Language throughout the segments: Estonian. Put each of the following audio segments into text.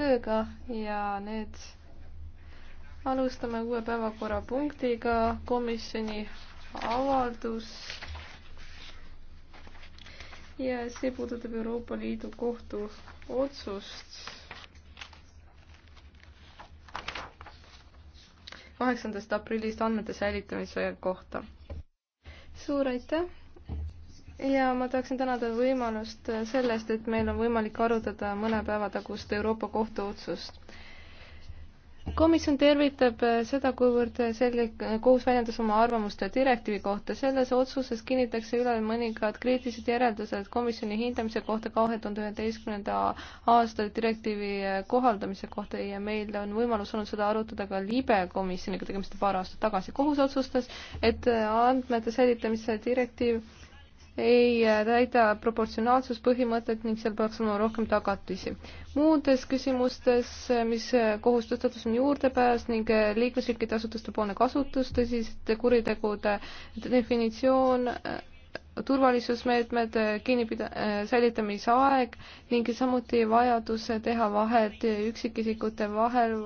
tööga ja need alustame uue päevakorrapunktiga komisjoni avaldus ja see puudutab Euroopa Liidu kohtu otsust kaheksandast aprillist andmete säilitamise kohta. suur aitäh! ja ma tahaksin tänada võimalust selle eest, et meil on võimalik arutada mõne päeva tagust Euroopa Kohtu otsust. komisjon tervitab seda, kuivõrd selge kohus väljendas oma arvamust direktiivi kohta. selles otsuses kinnitakse üle mõningad kriitilised järeldused komisjoni hindamise kohta kahe tuhande üheteistkümnenda aasta direktiivi kohaldamise kohta ja meil on võimalus olnud seda arutada ka libe komisjoniga, tegime seda paar aastat tagasi. kohus otsustas, et andmete säilitamise direktiiv ei täida proportsionaalsuspõhimõtet ning seal peaks olema rohkem tagatisi. muudes küsimustes, mis kohustustatus on juurdepääs ning liikmesriikide asutuste poolne kasutus, tõsiste kuritegude definitsioon äh,, turvalisusmeetmed, äh, kinnipida-, äh, säilitamisaeg ning samuti vajadus teha vahet üksikisikute vahel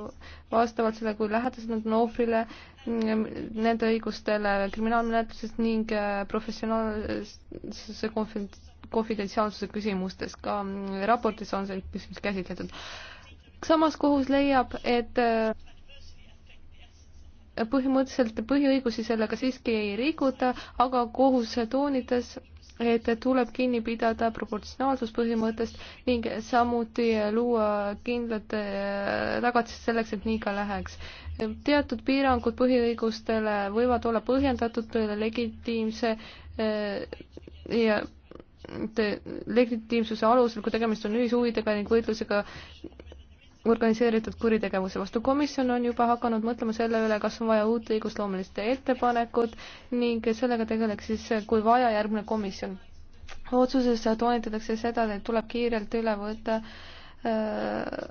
vastavalt sellele, kui lähedased nad on ohvrile, mm, nende õigustele kriminaalmenetluses ning äh, professionaalsuse konfidentsiaalsuse küsimustes, ka mm, raportis on see küsimus käsitletud. samas kohus leiab, et põhimõtteliselt põhiõigusi sellega siiski ei rikuta, aga kohus toonitas, et tuleb kinni pidada proportsionaalsuspõhimõttest ning samuti luua kindlad äh, tagatised selleks, et nii ka läheks. teatud piirangud põhiõigustele võivad olla põhjendatud legitiimse äh, ja legitiimsuse alusel, kui tegemist on ühishuvidega ning võitlusega organiseeritud kuritegevuse vastu. komisjon on juba hakanud mõtlema selle üle, kas on vaja uut õigusloomelist ettepanekut ning sellega tegeleks siis, kui vaja, järgmine komisjon. otsuses toonitatakse seda, et tuleb kiirelt üle võtta äh,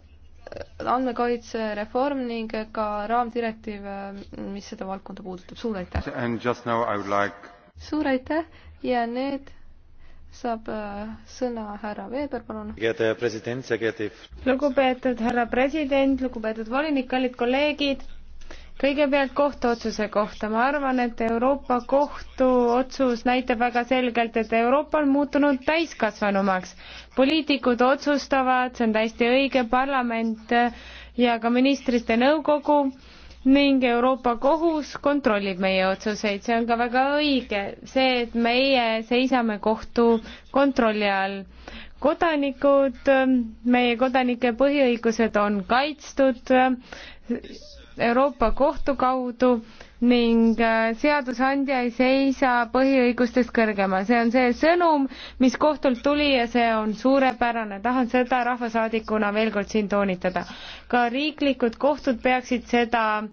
andmekaitsereform ning ka raamdirektiiv, äh, mis seda valdkonda puudutab. suur aitäh! Like... suur aitäh ja need saab äh, sõna härra Veber, palun. lugupeetud härra president, lugupeetud volinik, kallid kolleegid, kõigepealt kohtuotsuse kohta. ma arvan, et Euroopa Kohtu otsus näitab väga selgelt, et Euroopa on muutunud täiskasvanumaks. poliitikud otsustavad, see on täiesti õige, parlament ja ka ministrite nõukogu ning Euroopa Kohus kontrollib meie otsuseid, see on ka väga õige, see, et meie seisame kohtu kontrolli all. kodanikud, meie kodanike põhiõigused on kaitstud Euroopa Kohtu kaudu ning äh, seadusandja ei seisa põhiõigustest kõrgemal. see on see sõnum, mis kohtult tuli ja see on suurepärane. tahan seda rahvasaadikuna veel kord siin toonitada. ka riiklikud kohtud peaksid seda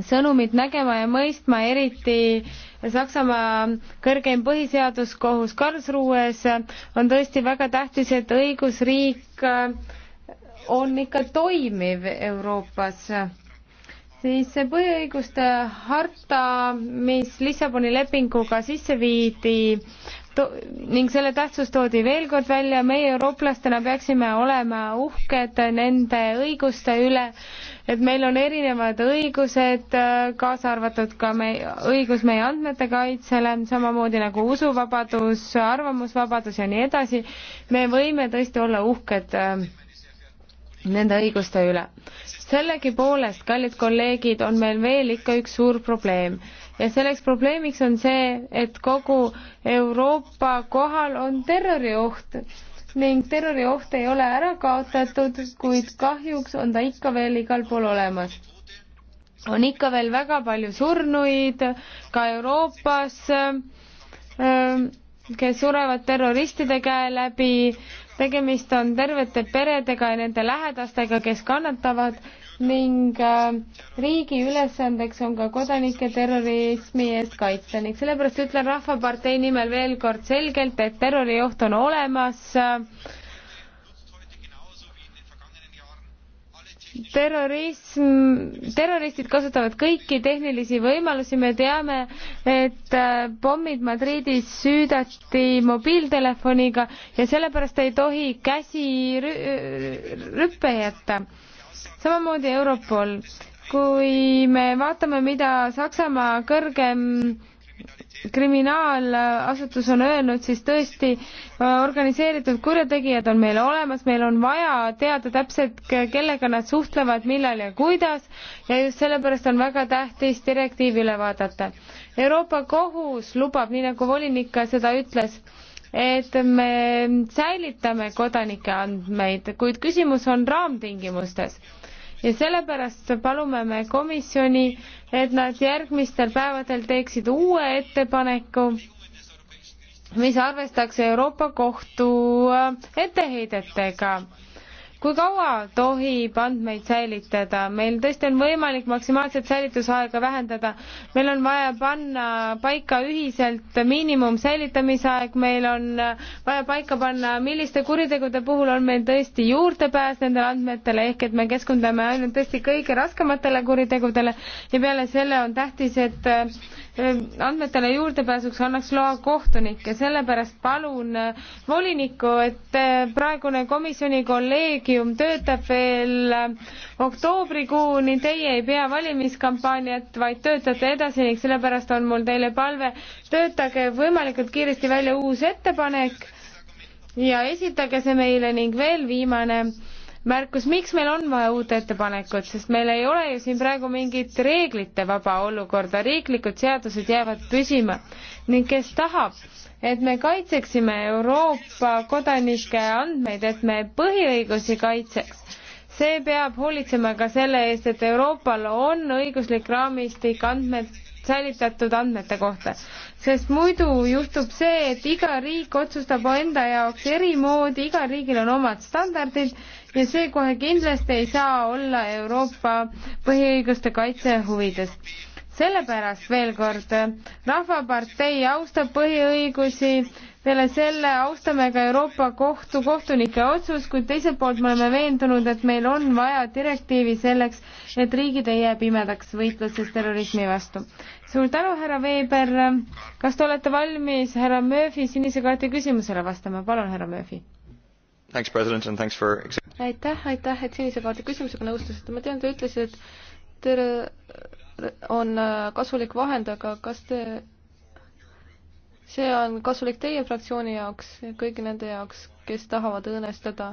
sõnumit nägema ja mõistma, eriti Saksamaa kõrgeim põhiseaduskohus Karlsruhes on tõesti väga tähtis, et õigusriik äh, on ikka toimiv Euroopas siis see põhiõiguste harta, mis Lissaboni lepinguga sisse viidi to, ning selle tähtsus toodi veel kord välja, meie eurooplastena peaksime olema uhked nende õiguste üle, et meil on erinevad õigused, kaasa arvatud ka me, õigus meie andmete kaitsele, samamoodi nagu usuvabadus, arvamusvabadus ja nii edasi. me võime tõesti olla uhked nende õiguste üle. sellegipoolest, kallid kolleegid, on meil veel ikka üks suur probleem ja selleks probleemiks on see, et kogu Euroopa kohal on terrorioht ning terrorioht ei ole ära kaotatud, kuid kahjuks on ta ikka veel igal pool olemas. on ikka veel väga palju surnuid ka Euroopas, ähm, kes surevad terroristide käe läbi tegemist on tervete peredega ja nende lähedastega, kes kannatavad ning äh, riigi ülesandeks on ka kodanike terrorismi eest kaitsta ning sellepärast ütlen Rahvapartei nimel veel kord selgelt, et terrorioht on olemas äh, terrorism, terroristid kasutavad kõiki tehnilisi võimalusi, me teame, et äh, pommid Madridis süüdati mobiiltelefoniga ja sellepärast ei tohi käsi rüppe jätta. samamoodi Europol. kui me vaatame, mida Saksamaa kõrgem kriminaalasutus on öelnud, siis tõesti äh, organiseeritud kurjategijad on meil olemas, meil on vaja teada täpselt, kellega nad suhtlevad, millal ja kuidas ja just sellepärast on väga tähtis direktiiv üle vaadata. Euroopa Kohus lubab, nii nagu volinik ka seda ütles, et me säilitame kodanike andmeid, kuid küsimus on raamtingimustes ja sellepärast palume me komisjoni, et nad järgmistel päevadel teeksid uue ettepaneku, mis arvestaks Euroopa Kohtu etteheidetega kui kaua tohib andmeid säilitada? meil tõesti on võimalik maksimaalset säilitusaega vähendada. meil on vaja panna paika ühiselt miinimum säilitamise aeg, meil on vaja paika panna, milliste kuritegude puhul on meil tõesti juurdepääs nendele andmetele, ehk et me keskendume ainult tõesti kõige raskematele kuritegudele ja peale selle on tähtis, et Ehm, andmetele juurdepääsuks annaks loa kohtunik ja sellepärast palun eh, volinikku, et eh, praegune komisjoni kolleegium töötab veel eh, oktoobrikuuni, teie ei pea valimiskampaaniat, vaid töötate edasi ning sellepärast on mul teile palve, töötage võimalikult kiiresti välja uus ettepanek ja esitage see meile ning veel viimane märkus, miks meil on vaja uut ettepanekut, sest meil ei ole ju siin praegu mingit reeglite vaba olukorda, riiklikud seadused jäävad püsima ning kes tahab, et me kaitseksime Euroopa kodanike andmeid, et me põhiõigusi kaitseks. see peab hoolitsema ka selle eest, et Euroopal on õiguslik raamistik andmed, säilitatud andmete kohta, sest muidu juhtub see, et iga riik otsustab enda jaoks eri moodi, igal riigil on omad standardid ja see kohe kindlasti ei saa olla Euroopa põhiõiguste kaitse huvides sellepärast veel kord, Rahvapartei austab põhiõigusi, peale selle austame ka Euroopa Kohtu kohtunike otsust, kuid teiselt poolt me oleme veendunud, et meil on vaja direktiivi selleks, et riigid ei jää pimedaks võitluses terrorismi vastu. suur tänu, härra Veeber, kas te olete valmis härra Murphy sinise kaardi küsimusele vastama, palun, härra Murphy For... aitäh, aitäh, et sinise kaardi küsimusega nõustusite, ma tean, te ütlesite, et tere on äh, kasulik vahend, aga kas te, see on kasulik teie fraktsiooni jaoks, kõigi nende jaoks, kes tahavad õõnestada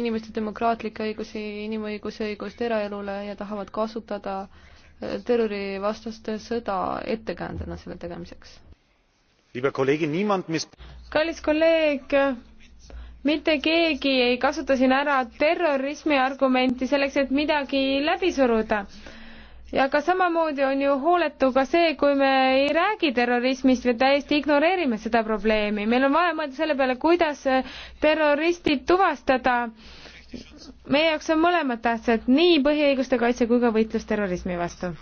inimeste demokraatlikke õigusi, inimõiguse õigust eraelule ja tahavad kasutada äh, terrorivastast sõda ettekäändena selle tegemiseks? kallis kolleeg, mitte keegi ei kasuta siin ära terrorismi argumenti selleks, et midagi läbi suruda. ja ka samamoodi on ju hooletu ka see, kui me ei räägi terrorismist või täiesti ignoreerime seda probleemi. meil on vaja mõelda selle peale, kuidas terroristid tuvastada. meie jaoks on mõlemad tähtsad, nii põhiõiguste kaitse kui ka võitlus terrorismi vastu.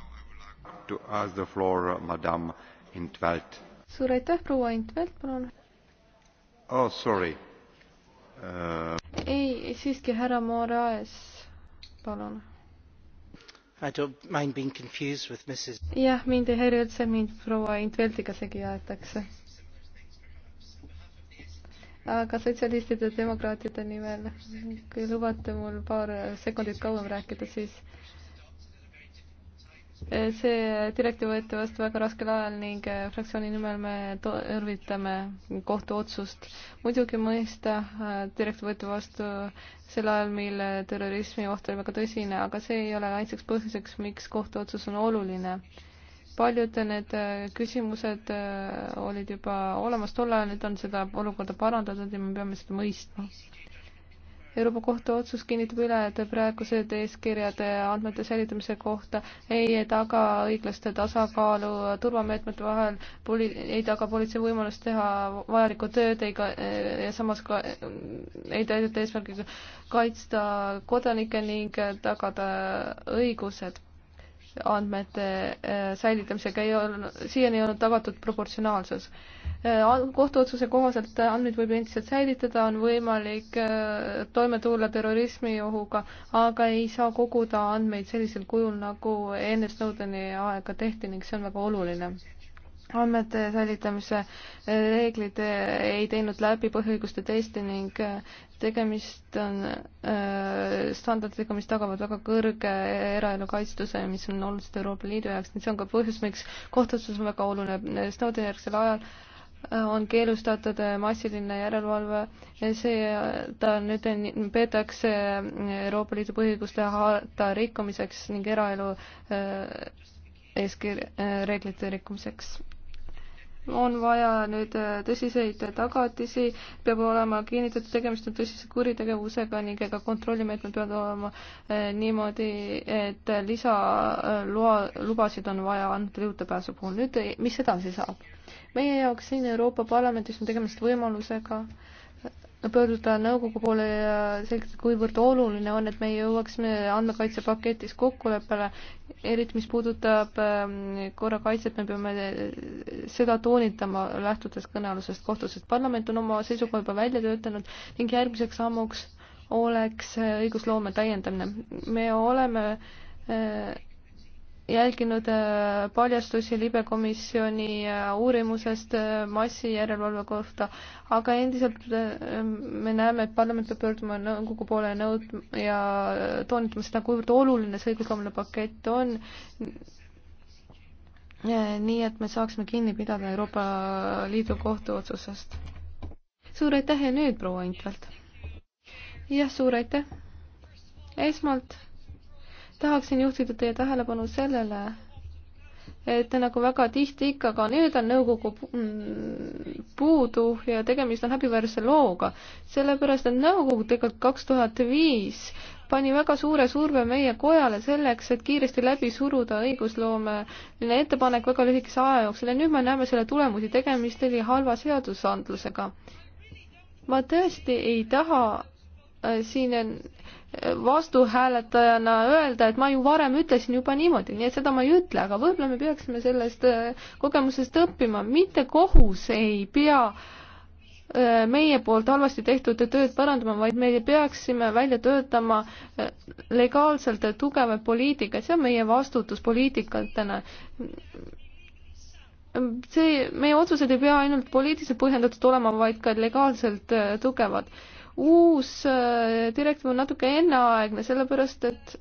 suur aitäh, proua Intvelt, palun. Oh, sorry ei, siiski härra Moraes, palun. jah, mind ei häiri üldse, mind proua Intveldiga segi aetakse. aga sotsialistide ja demokraatide nimel, kui lubate mul paar sekundit kauem rääkida, siis see direktiiv võeti vastu väga raskel ajal ning eh, fraktsiooni nimel me tervitame kohtuotsust. muidugi mõista, eh, direktiiv võeti vastu sel ajal, mil eh, terrorismi oht oli väga tõsine, aga see ei ole ainsaks põhjuseks, miks kohtuotsus on oluline. paljud need küsimused olid juba olemas tol ajal, nüüd on seda olukorda parandatud ja me peame seda mõistma. Euroopa Kohtu otsus kinnitab üle, et praegused eeskirjad andmete säilitamise kohta ei taga õiglaste tasakaalu turvameetmete vahel, poli-, ei taga politsei võimalust teha vajalikku tööd ega, ja samas ka ei täideta eesmärgiga kaitsta kodanikke ning tagada õigused andmete äh, säilitamisega ei olnud, siiani ei olnud tagatud proportsionaalsus. Äh, kohtuotsuse kohaselt andmeid võib endiselt säilitada, on võimalik äh, toime tulla terrorismiohuga, aga ei saa koguda andmeid sellisel kujul, nagu enne Snowdeni aega tehti ning see on väga oluline andmete säilitamise reeglid ei teinud läbi põhiõiguste testi ning äh, tegemist on äh, standarditega, mis tagavad väga kõrge eraelu kaitstuse, mis on oluliselt Euroopa Liidu jaoks, nii et see on ka põhjus, miks kohtuotsus on väga oluline. Snowdeni järgsel ajal äh, on keelustatud massiline järelevalve ja see, ta nüüd peetakse Euroopa Liidu põhiõiguste harta rikkumiseks ning eraelu eeskirja, reeglite rikkumiseks on vaja nüüd äh, tõsiseid tagatisi, peab olema kinnitatud, tegemist on tõsise kuritegevusega ning ka kontrollimeetmed peavad olema äh, niimoodi, et lisaloa, lubasid on vaja andnud juurdepääsu puhul. nüüd, mis edasi saab? meie jaoks siin Euroopa Parlamendis on tegemist võimalusega äh, pöörduda nõukogu poole ja selgitada, kuivõrd oluline on, et me jõuaksime andmekaitsepaketis kokkuleppele, eriti mis puudutab ähm, korrakaitset, me peame äh, seda toonitama, lähtudes kõnealusest kohtusest. parlament on oma seisukoha juba välja töötanud ning järgmiseks sammuks oleks äh, õigusloome täiendamine. me oleme äh, jälginud äh, paljastusi libekomisjoni äh, uurimusest äh, massijärelevalve kohta, aga endiselt me näeme, et parlament peab pöörduma nõukogu poole nõud- ja toonitama seda, kuivõrd oluline see õigusloomne pakett on, nii et me saaksime kinni pidada Euroopa Liidu kohtuotsusest. suur aitäh ja nüüd proua Intvelt! jah, suur aitäh! esmalt tahaksin juhtida teie tähelepanu sellele, et nagu väga tihti ikka, ka nüüd on nõukogu mm, puudu ja tegemist on häbiväärse looga, sellepärast et nõukogu tegelikult kaks tuhat viis pani väga suure surve meie kojale selleks, et kiiresti läbi suruda õigusloomeline ettepanek väga lühikese aja jooksul ja nüüd me näeme selle tulemusi, tegemist oli halva seadusandlusega. ma tõesti ei taha Äh, siin äh, vastuhääletajana öelda, et ma ju varem ütlesin juba niimoodi, nii et seda ma ei ütle, aga võib-olla me peaksime sellest äh, kogemusest õppima, mitte kohus ei pea meie poolt halvasti tehtud tööd parandama, vaid me peaksime välja töötama legaalselt tugevaid poliitikaid, see on meie vastutus poliitikatena see, meie otsused ei pea ainult poliitiliselt põhjendatud olema, vaid ka legaalselt tugevad uus äh, direktiiv on natuke enneaegne, sellepärast et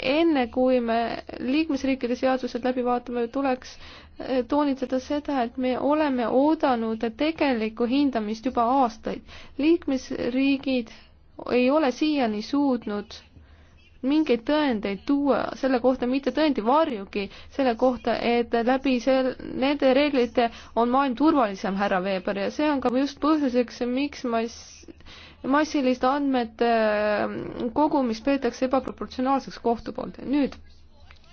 enne, kui me liikmesriikide seadused läbi vaatame, tuleks äh, toonitada seda, et me oleme oodanud tegelikku hindamist juba aastaid. liikmesriigid ei ole siiani suutnud mingeid tõendeid tuua selle kohta, mitte tõendi varjugi selle kohta, et läbi sel-, nende reeglite on maailm turvalisem, härra Veeber, ja see on ka just põhjuseks, miks mass-, massilist andmete äh, kogumist peetakse ebaproportsionaalseks kohtu poolt. nüüd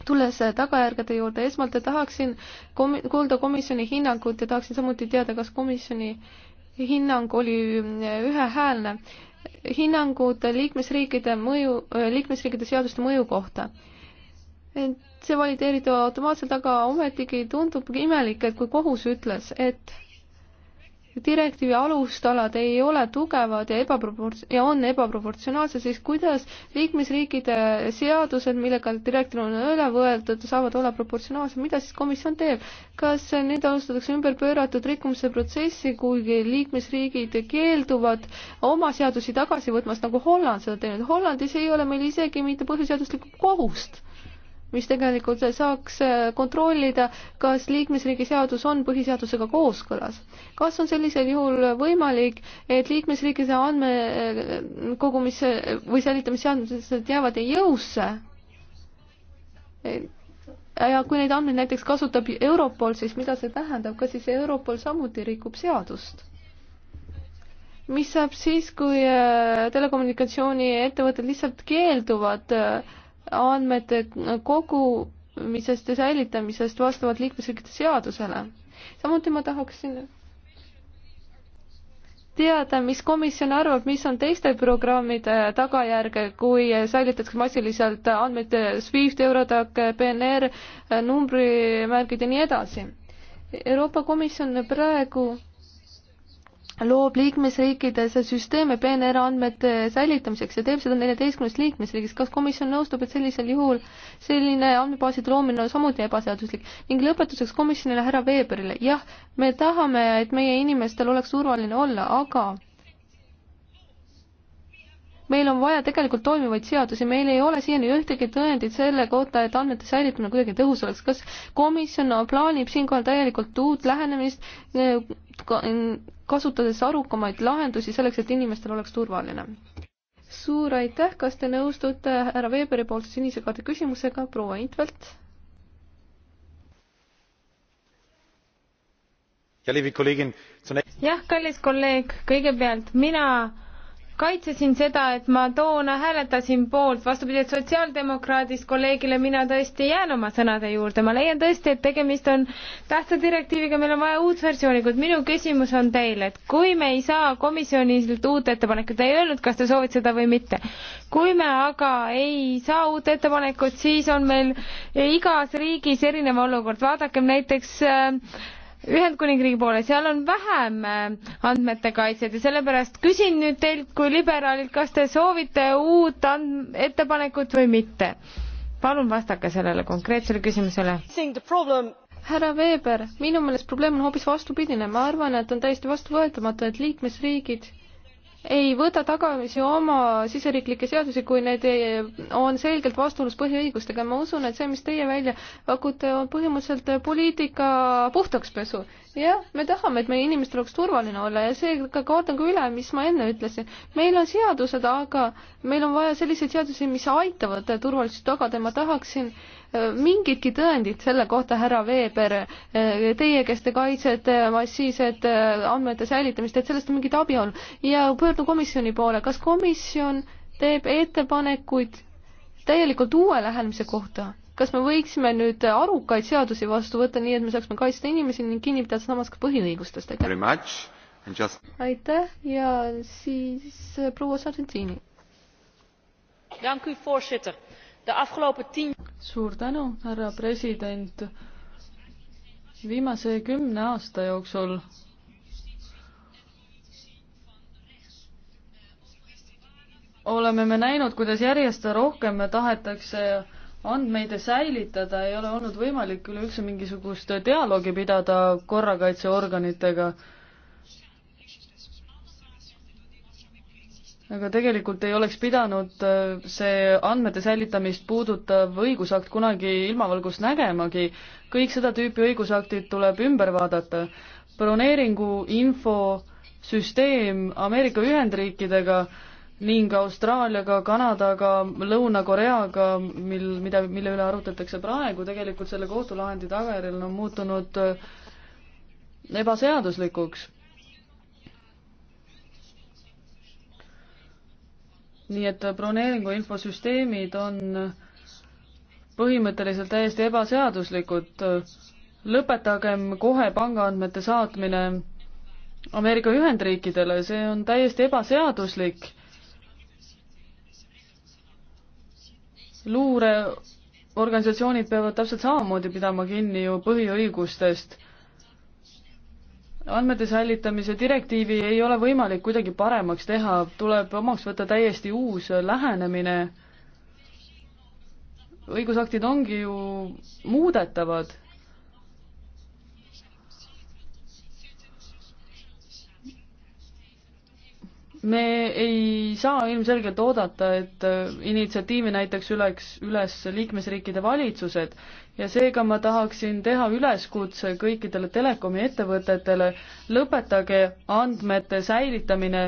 tulles tagajärgede juurde, esmalt tahaksin kom-, kuulda komisjoni hinnangut ja tahaksin samuti teada, kas komisjoni hinnang oli äh, ühehäälne hinnangud liikmesriikide mõju, liikmesriikide seaduste mõju kohta. et see valideerida automaatselt, aga ometigi tundub imelik, et kui kohus ütles, et direktiivi alustalad ei ole tugevad ja ebaproport- ja on ebaproportsionaalsed, siis kuidas liikmesriikide seadused, millega direktiiv on üle võetud, saavad olla proportsionaalsed, mida siis komisjon teeb? kas nüüd alustatakse ümberpööratud rikkumise protsessi, kuigi liikmesriigid keelduvad oma seadusi tagasi võtmast, nagu Holland seda teinud? Hollandis ei ole meil isegi mitte põhiseaduslikku kohust mis tegelikult saaks äh, kontrollida, kas liikmesriigi seadus on põhiseadusega kooskõlas. kas on sellisel juhul võimalik, et liikmesriikide andmekogumisse äh, või säilitamisseadused jäävad jõusse? ja kui neid andmeid näiteks kasutab Europol, siis mida see tähendab, kas siis Europol samuti rikub seadust? mis saab siis, kui äh, telekommunikatsiooniettevõtted lihtsalt keelduvad äh, andmete kogumisest ja säilitamisest vastavalt liikmesriikide seadusele. samuti ma tahaksin teada, mis komisjon arvab, mis on teiste programmide tagajärge, kui säilitatakse massiliselt andmeid SWIFT, Eurodac, PNR, numbrimärgid ja nii edasi. Euroopa Komisjon praegu loob liikmesriikides süsteeme PNR andmete säilitamiseks ja teeb seda neljateistkümnes liikmesriigis. kas komisjon nõustub, et sellisel juhul selline andmebaaside loomine on samuti ebaseaduslik? ning lõpetuseks komisjonile härra Veeberile. jah, me tahame, et meie inimestel oleks turvaline olla, aga meil on vaja tegelikult toimivaid seadusi, meil ei ole siiani ühtegi tõendit selle kohta, et andmete säilitamine kuidagi tõhus oleks. kas komisjon plaanib siinkohal täielikult uut lähenemist, eh, kasutades arukamaid lahendusi selleks, et inimestel oleks turvaline? suur aitäh, kas te nõustute härra Weberi poolt sinise kaardi küsimusega, proua Intvelt? jah, kallis kolleeg, kõigepealt mina kaitsesin seda, et ma toona hääletasin poolt, vastupidi, et sotsiaaldemokraadist kolleegile mina tõesti jään oma sõnade juurde, ma leian tõesti, et tegemist on tähtsa direktiiviga, meil on vaja uut versiooni, kuid minu küsimus on teile, et kui me ei saa komisjonilt uut ettepanekut, ei öelnud, kas te soovite seda või mitte, kui me aga ei saa uut ettepanekut, siis on meil igas riigis erinev olukord, vaadakem näiteks äh, Ühendkuningriigi poole, seal on vähem äh, andmete kaitset ja sellepärast küsin nüüd teilt kui liberaalilt, kas te soovite uut and-, ettepanekut või mitte? palun vastake sellele konkreetsele küsimusele härra Weber, minu meelest probleem on hoopis vastupidine, ma arvan, et on täiesti vastuvõetamatu, et liikmesriigid ei võta tagasi oma siseriiklikke seadusi, kui need on selgelt vastuolus põhiõigustega. ma usun, et see, mis teie välja pakute, on põhimõtteliselt poliitika puhtakspesu jah, me tahame, et meie inimestel oleks turvaline olla ja seega kordan ka üle, mis ma enne ütlesin. meil on seadused, aga meil on vaja selliseid seadusi, mis aitavad turvalisust tagada ja ma tahaksin äh, mingitki tõendit selle kohta, härra Veeber, äh, teie, kes te kaitsete massiivset äh, andmete säilitamist, et sellest on mingit abi olnud. ja pöördun komisjoni poole, kas komisjon teeb ettepanekuid täielikult uue lähenemise kohta? kas me võiksime nüüd arukaid seadusi vastu võtta, nii et me saaksime kaitsta inimesi ning kinni pidada samas ka põhiõigustest, aitäh! Just... aitäh ja siis äh, proua Sargentini. suur tänu, härra president. viimase kümne aasta jooksul oleme me näinud, kuidas järjest rohkem tahetakse andmeid säilitada, ei ole olnud võimalik üleüldse mingisugust dialoogi pidada korrakaitseorganitega. aga tegelikult ei oleks pidanud äh, see andmete säilitamist puudutav õigusakt kunagi ilmavalgust nägemagi. kõik seda tüüpi õigusaktid tuleb ümber vaadata. broneeringu infosüsteem Ameerika Ühendriikidega äh, ning Austraaliaga, Kanadaga, Lõuna-Koreaga, mil, mida, mille üle arutatakse praegu, tegelikult selle kohtulahendi tagajärjel on muutunud äh, ebaseaduslikuks. nii et broneeringu infosüsteemid on põhimõtteliselt täiesti ebaseaduslikud. lõpetagem kohe pangaandmete saatmine Ameerika Ühendriikidele, see on täiesti ebaseaduslik luureorganisatsioonid peavad täpselt samamoodi pidama kinni ju põhiõigustest. andmete säilitamise direktiivi ei ole võimalik kuidagi paremaks teha, tuleb omaks võtta täiesti uus lähenemine. õigusaktid ongi ju muudetavad me ei saa ilmselgelt oodata, et äh, initsiatiivi näiteks üleks, üles liikmesriikide valitsused ja seega ma tahaksin teha üleskutse kõikidele telekomi ettevõtetele, lõpetage andmete säilitamine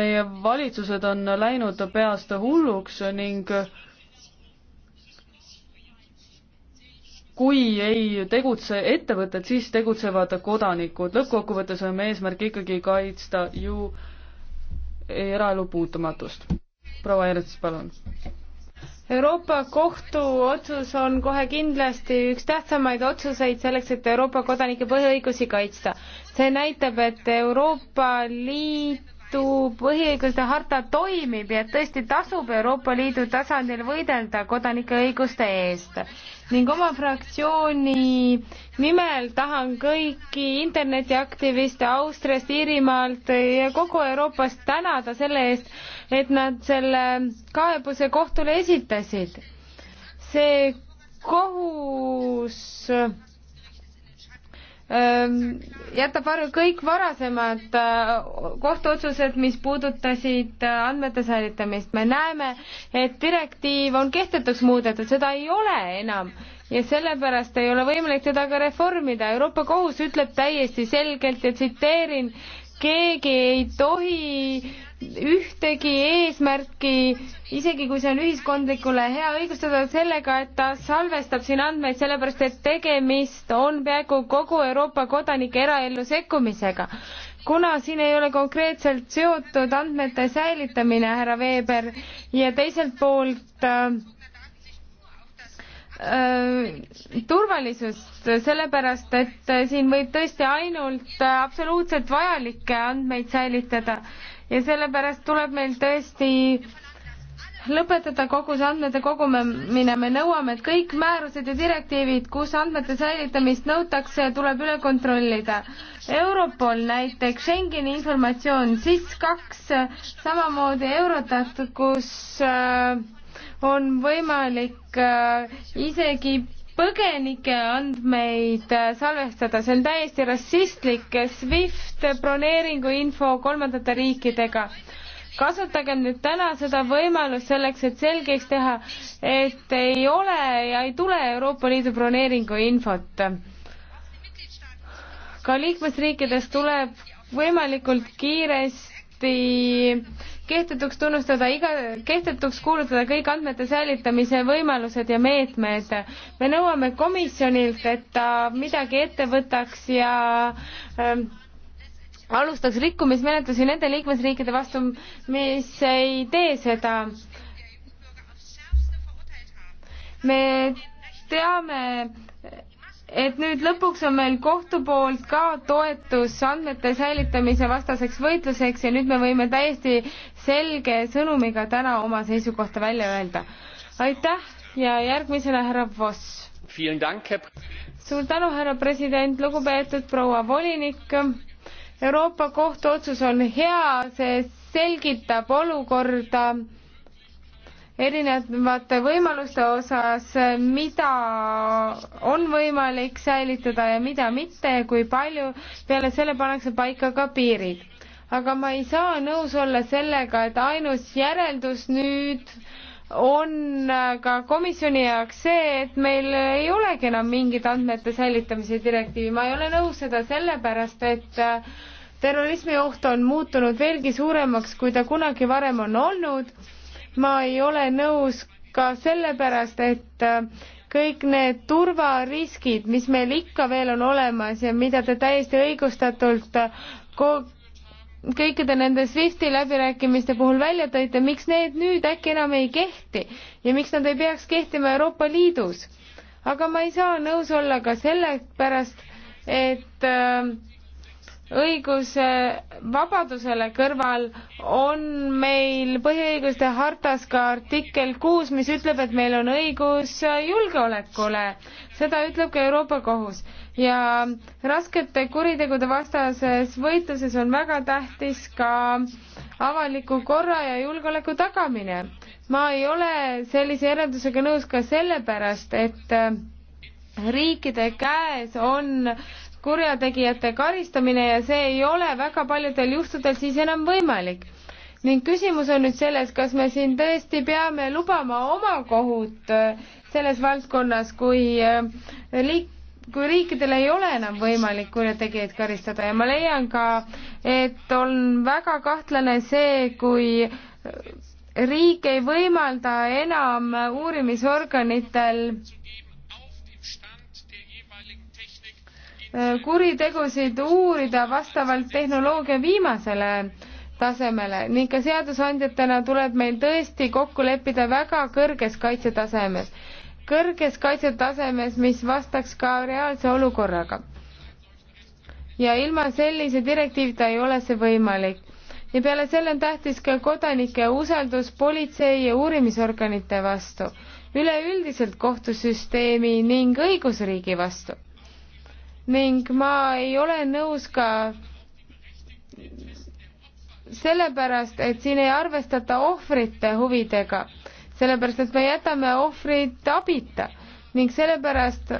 meie valitsused on läinud peast hulluks ning kui ei tegutse ettevõtted, siis tegutsevad kodanikud. lõppkokkuvõttes on meie eesmärk ikkagi kaitsta ju eraelu puutumatust. proua Ernst, palun. Euroopa Kohtu otsus on kohe kindlasti üks tähtsamaid otsuseid selleks, et Euroopa kodanike põhiõigusi kaitsta. see näitab, et Euroopa Liit Liidu põhiõiguste harta toimib ja tõesti tasub Euroopa Liidu tasandil võidelda kodanike õiguste eest. ning oma fraktsiooni nimel tahan kõiki internetiaktiviste Austriast, Iirimaalt ja kogu Euroopast tänada selle eest, et nad selle kaebuse kohtule esitasid. see kohus jätab varju kõik varasemad äh, kohtuotsused, mis puudutasid äh, andmete säilitamist. me näeme, et direktiiv on kehtetuks muudetud, seda ei ole enam ja sellepärast ei ole võimalik teda ka reformida. Euroopa Kohus ütleb täiesti selgelt ja tsiteerin, keegi ei tohi ühtegi eesmärki, isegi kui see on ühiskondlikule hea, õigustada sellega, et ta salvestab siin andmeid, sellepärast et tegemist on peaaegu kogu Euroopa kodanike eraellu sekkumisega. kuna siin ei ole konkreetselt seotud andmete säilitamine, härra Veeber, ja teiselt poolt äh, turvalisust, sellepärast et siin võib tõesti ainult absoluutselt vajalikke andmeid säilitada ja sellepärast tuleb meil tõesti lõpetada kogu see andmete kogumine, me nõuame, et kõik määrused ja direktiivid, kus andmete säilitamist nõutakse, tuleb üle kontrollida. Europol näiteks, Schengeni informatsioon, SIS kaks, samamoodi Eurotat, kus äh, on võimalik äh, isegi põgenike andmeid äh, salvestada, see on täiesti rassistlik, SWIFT, broneeringu info kolmandate riikidega. kasutagem nüüd täna seda võimalust selleks, et selgeks teha, et ei ole ja ei tule Euroopa Liidu broneeringu infot. ka liikmesriikides tuleb võimalikult kiiresti kehtetuks tunnustada iga, kehtetuks kuulutada kõik andmete säilitamise võimalused ja meetmed. me nõuame komisjonilt, et ta midagi ette võtaks ja ähm, alustaks rikkumismenetlusi nende liikmesriikide vastu, mis ei tee seda. me teame, et nüüd lõpuks on meil kohtu poolt ka toetus andmete säilitamise vastaseks võitluseks ja nüüd me võime täiesti selge sõnumiga täna oma seisukohta välja öelda. aitäh ja järgmisena härra Voss. suur tänu, härra president, lugupeetud proua volinik. Euroopa Kohtu otsus on hea, see selgitab olukorda erinevate võimaluste osas, mida on võimalik säilitada ja mida mitte ja kui palju. peale selle pannakse paika ka piirid aga ma ei saa nõus olla sellega, et ainus järeldus nüüd on äh, ka komisjoni jaoks see, et meil ei olegi enam mingit andmete säilitamise direktiivi, ma ei ole nõus seda sellepärast, et äh, terrorismioht on muutunud veelgi suuremaks, kui ta kunagi varem on olnud. ma ei ole nõus ka sellepärast, et äh, kõik need turvariskid, mis meil ikka veel on olemas ja mida te täiesti õigustatult kõikide nende SWIFTi läbirääkimiste puhul välja tõite, miks need nüüd äkki enam ei kehti ja miks nad ei peaks kehtima Euroopa Liidus? aga ma ei saa nõus olla ka sellepärast, et äh, õigus eh, vabadusele kõrval on meil põhiõiguste hartas ka artikkel kuus, mis ütleb, et meil on õigus eh, julgeolekule. seda ütleb ka Euroopa Kohus ja raskete kuritegude vastases võitluses on väga tähtis ka avaliku korra ja julgeoleku tagamine. ma ei ole sellise järeldusega nõus ka sellepärast, et eh, riikide käes on kurjategijate karistamine ja see ei ole väga paljudel juhtudel siis enam võimalik. ning küsimus on nüüd selles, kas me siin tõesti peame lubama oma kohut äh, selles valdkonnas, kui äh, liik-, kui riikidel ei ole enam võimalik kurjategijaid karistada ja ma leian ka, et on väga kahtlane see, kui äh, riik ei võimalda enam uurimisorganitel Äh, kuritegusid uurida vastavalt tehnoloogia viimasele tasemele ning ka seadusandjatena tuleb meil tõesti kokku leppida väga kõrges kaitsetasemes, kõrges kaitsetasemes, mis vastaks ka reaalse olukorraga. ja ilma sellise direktiivita ei ole see võimalik ja peale selle on tähtis ka kodanike usaldus politsei ja uurimisorganite vastu, üleüldiselt kohtusüsteemi ning õigusriigi vastu ning ma ei ole nõus ka sellepärast, et siin ei arvestata ohvrite huvidega, sellepärast et me jätame ohvrid abita ning sellepärast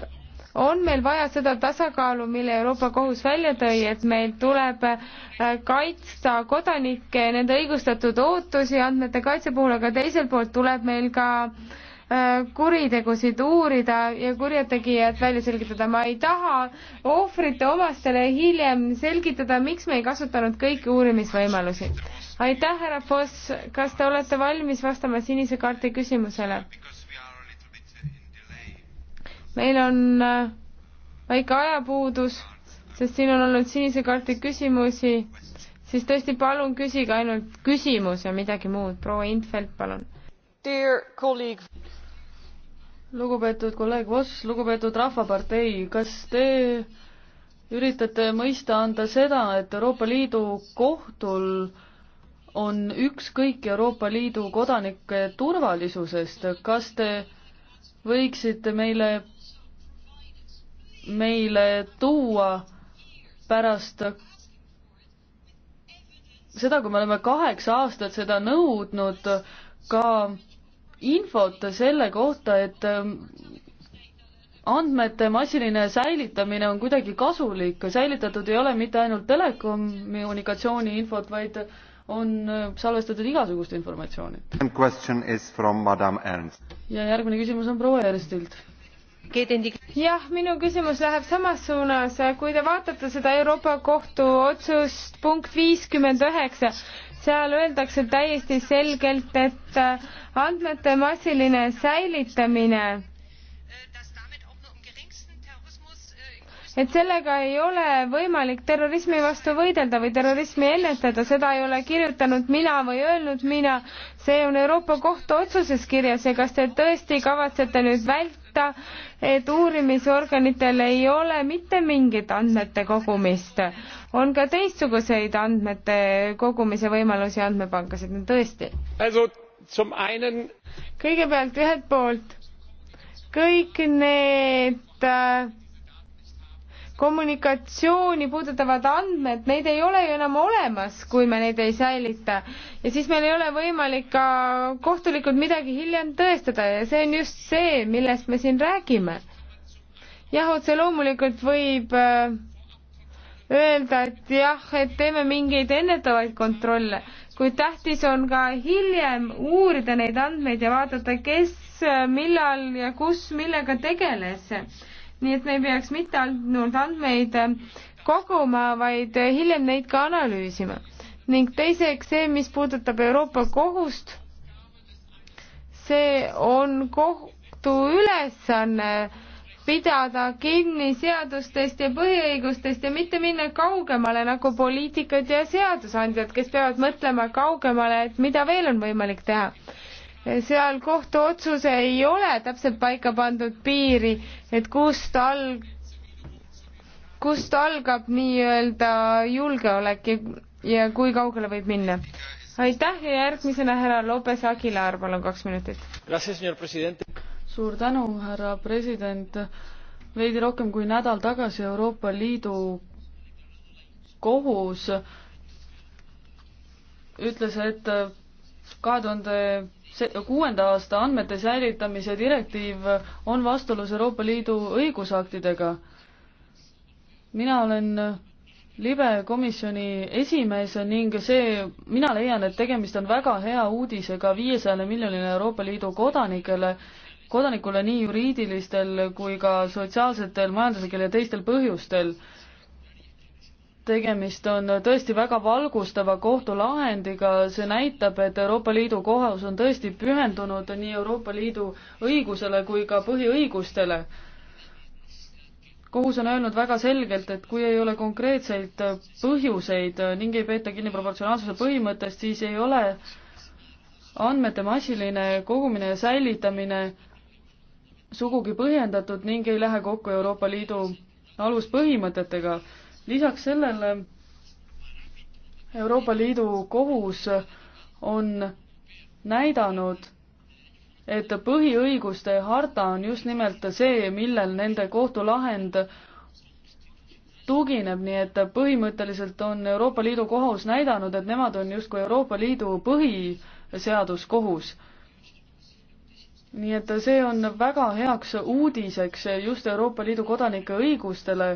on meil vaja seda tasakaalu, mille Euroopa Kohus välja tõi, et meil tuleb äh, kaitsta kodanikke, nende õigustatud ootusi andmete kaitse puhul, aga teiselt poolt tuleb meil ka äh, Äh, kuritegusid uurida ja kurjategijad välja selgitada. ma ei taha ohvrite omastele hiljem selgitada, miks me ei kasutanud kõiki uurimisvõimalusi. aitäh, härra Foss, kas te olete valmis vastama sinise kaarti küsimusele? meil on äh, väike ajapuudus, sest siin on olnud sinise kaarti küsimusi, siis tõesti palun küsige ainult küsimus ja midagi muud. proua Infeld, palun lugupeetud kolleeg Voss, lugupeetud Rahvapartei, kas te üritate mõista anda seda, et Euroopa Liidu kohtul on ükskõik Euroopa Liidu kodanike turvalisusest, kas te võiksite meile, meile tuua pärast seda, kui me oleme kaheksa aastat seda nõudnud, ka infot selle kohta, et ähm, andmete massiline säilitamine on kuidagi kasulik, säilitatud ei ole mitte ainult telekommunikatsiooni infot, vaid on äh, salvestatud igasugust informatsiooni. ja järgmine küsimus on proua Ernstilt jah, minu küsimus läheb samas suunas, kui te vaatate seda Euroopa Kohtu otsust punkt viiskümmend üheksa, seal öeldakse täiesti selgelt, et äh, andmete massiline säilitamine et sellega ei ole võimalik terrorismi vastu võidelda või terrorismi ennetada, seda ei ole kirjutanud mina või öelnud mina, see on Euroopa Kohtu otsuses kirjas ja kas te tõesti kavatsete nüüd vält-, võtta, et uurimisorganitel ei ole mitte mingit andmete kogumist. on ka teistsuguseid andmete kogumise võimalusi andmepankasid, no tõesti. Einen... kõigepealt ühelt poolt kõik need äh, kommunikatsiooni puudutavad andmed, neid ei ole ju enam olemas, kui me neid ei säilita. ja siis meil ei ole võimalik ka kohtulikult midagi hiljem tõestada ja see on just see, millest me siin räägime. jah, otse loomulikult võib äh, öelda, et jah, et teeme mingeid ennetavaid kontrolle, kuid tähtis on ka hiljem uurida neid andmeid ja vaadata, kes, äh, millal ja kus millega tegeles nii et me ei peaks mitte ainult andmeid äh, koguma, vaid äh, hiljem neid ka analüüsima. ning teiseks see, mis puudutab Euroopa kohust, see on kohtu ülesanne pidada kinni seadustest ja põhiõigustest ja mitte minna kaugemale nagu poliitikud ja seadusandjad, kes peavad mõtlema kaugemale, et mida veel on võimalik teha seal kohtuotsus ei ole täpselt paika pandud piiri, et kust alg-, kust algab nii-öelda julgeolek ja, ja kui kaugele võib minna. aitäh ja järgmisena härra Lopes Aguilar, palun kaks minutit. suur tänu, härra president. veidi rohkem kui nädal tagasi Euroopa Liidu kohus ütles, et kahe tuhande kuuenda aasta andmete säilitamise direktiiv on vastuolus Euroopa Liidu õigusaktidega. mina olen libe komisjoni esimees ning see, mina leian, et tegemist on väga hea uudisega viiesajale miljonile Euroopa Liidu kodanikele, kodanikule nii juriidilistel kui ka sotsiaalsetel, majanduslikel ja teistel põhjustel tegemist on tõesti väga valgustava kohtulahendiga, see näitab, et Euroopa Liidu kohus on tõesti pühendunud nii Euroopa Liidu õigusele kui ka põhiõigustele. kohus on öelnud väga selgelt, et kui ei ole konkreetseid põhjuseid ning ei peeta kinni proportsionaalsuse põhimõttest, siis ei ole andmete massiline kogumine ja säilitamine sugugi põhjendatud ning ei lähe kokku Euroopa Liidu aluspõhimõtetega lisaks sellele Euroopa Liidu kohus on näidanud, et põhiõiguste harta on just nimelt see, millel nende kohtulahend tugineb, nii et põhimõtteliselt on Euroopa Liidu kohus näidanud, et nemad on justkui Euroopa Liidu põhiseaduskohus. nii et see on väga heaks uudiseks just Euroopa Liidu kodanike õigustele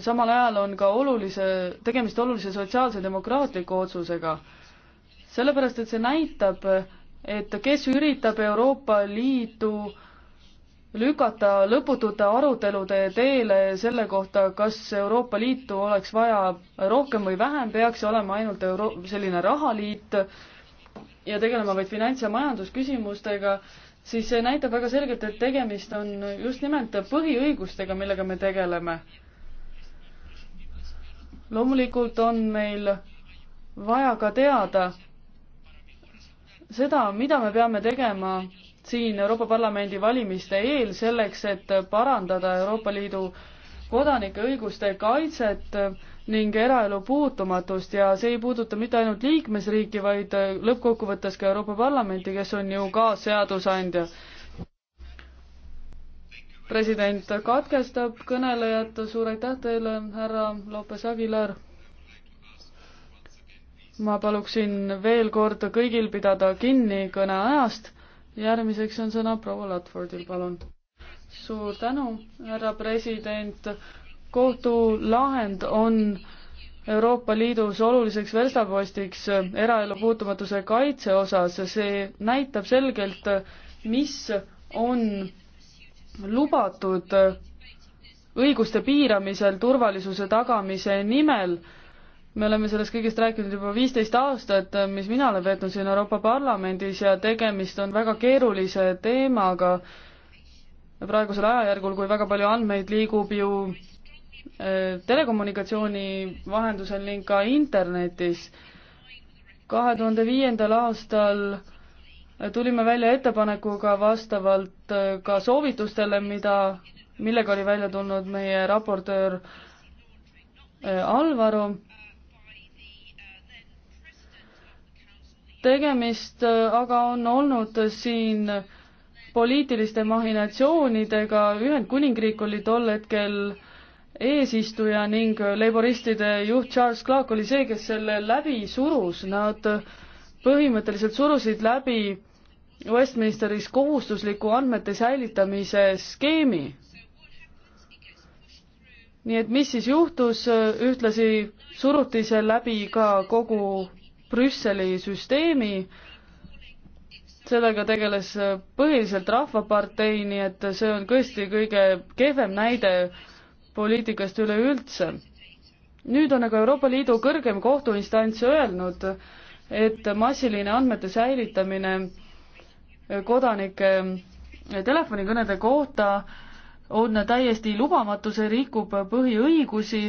samal ajal on ka olulise, tegemist olulise sotsiaalse demokraatliku otsusega. sellepärast, et see näitab, et kes üritab Euroopa Liidu lükata lõputute arutelude teele selle kohta, kas Euroopa Liitu oleks vaja rohkem või vähem, peaks olema ainult euro-, selline rahaliit ja tegelema vaid finants- ja majandusküsimustega, siis see näitab väga selgelt, et tegemist on just nimelt põhiõigustega, millega me tegeleme loomulikult on meil vaja ka teada seda, mida me peame tegema siin Euroopa Parlamendi valimiste eel selleks, et parandada Euroopa Liidu kodanike õiguste kaitset ning eraelu puutumatust ja see ei puuduta mitte ainult liikmesriiki, vaid lõppkokkuvõttes ka Euroopa Parlamenti, kes on ju ka seadusandja president katkestab kõnelejat, suur aitäh teile, härra Lopes Aguilar. ma paluksin veel kord kõigil pidada kinni kõneajast. järgmiseks on sõna proua Ladfordil, palun. suur tänu, härra president. kohtulahend on Euroopa Liidus oluliseks verstapostiks eraelu puutumatuse kaitse osas, see näitab selgelt, mis on lubatud õiguste piiramisel turvalisuse tagamise nimel. me oleme sellest kõigest rääkinud juba viisteist aastat, mis mina olen veetnud siin Euroopa Parlamendis ja tegemist on väga keerulise teemaga praegusel ajajärgul, kui väga palju andmeid liigub ju eh, telekommunikatsiooni vahendusel ning ka internetis. kahe tuhande viiendal aastal tulime välja ettepanekuga vastavalt äh, ka soovitustele, mida, millega oli välja tulnud meie raportöör äh, Alvaro. tegemist äh, aga on olnud siin poliitiliste mahinatsioonidega, Ühendkuningriik oli tol hetkel eesistuja ning laboristide juht Charles Clarke oli see, kes selle läbi surus, nad äh, põhimõtteliselt surusid läbi Westminsteris kohustusliku andmete säilitamise skeemi. nii et mis siis juhtus, ühtlasi suruti see läbi ka kogu Brüsseli süsteemi, sellega tegeles põhiliselt Rahvapartei, nii et see on tõesti kõige kehvem näide poliitikast üleüldse. nüüd on aga Euroopa Liidu kõrgem kohtuinstants öelnud, et massiline andmete säilitamine kodanike telefonikõnede kohta on täiesti lubamatu, see rikub põhiõigusi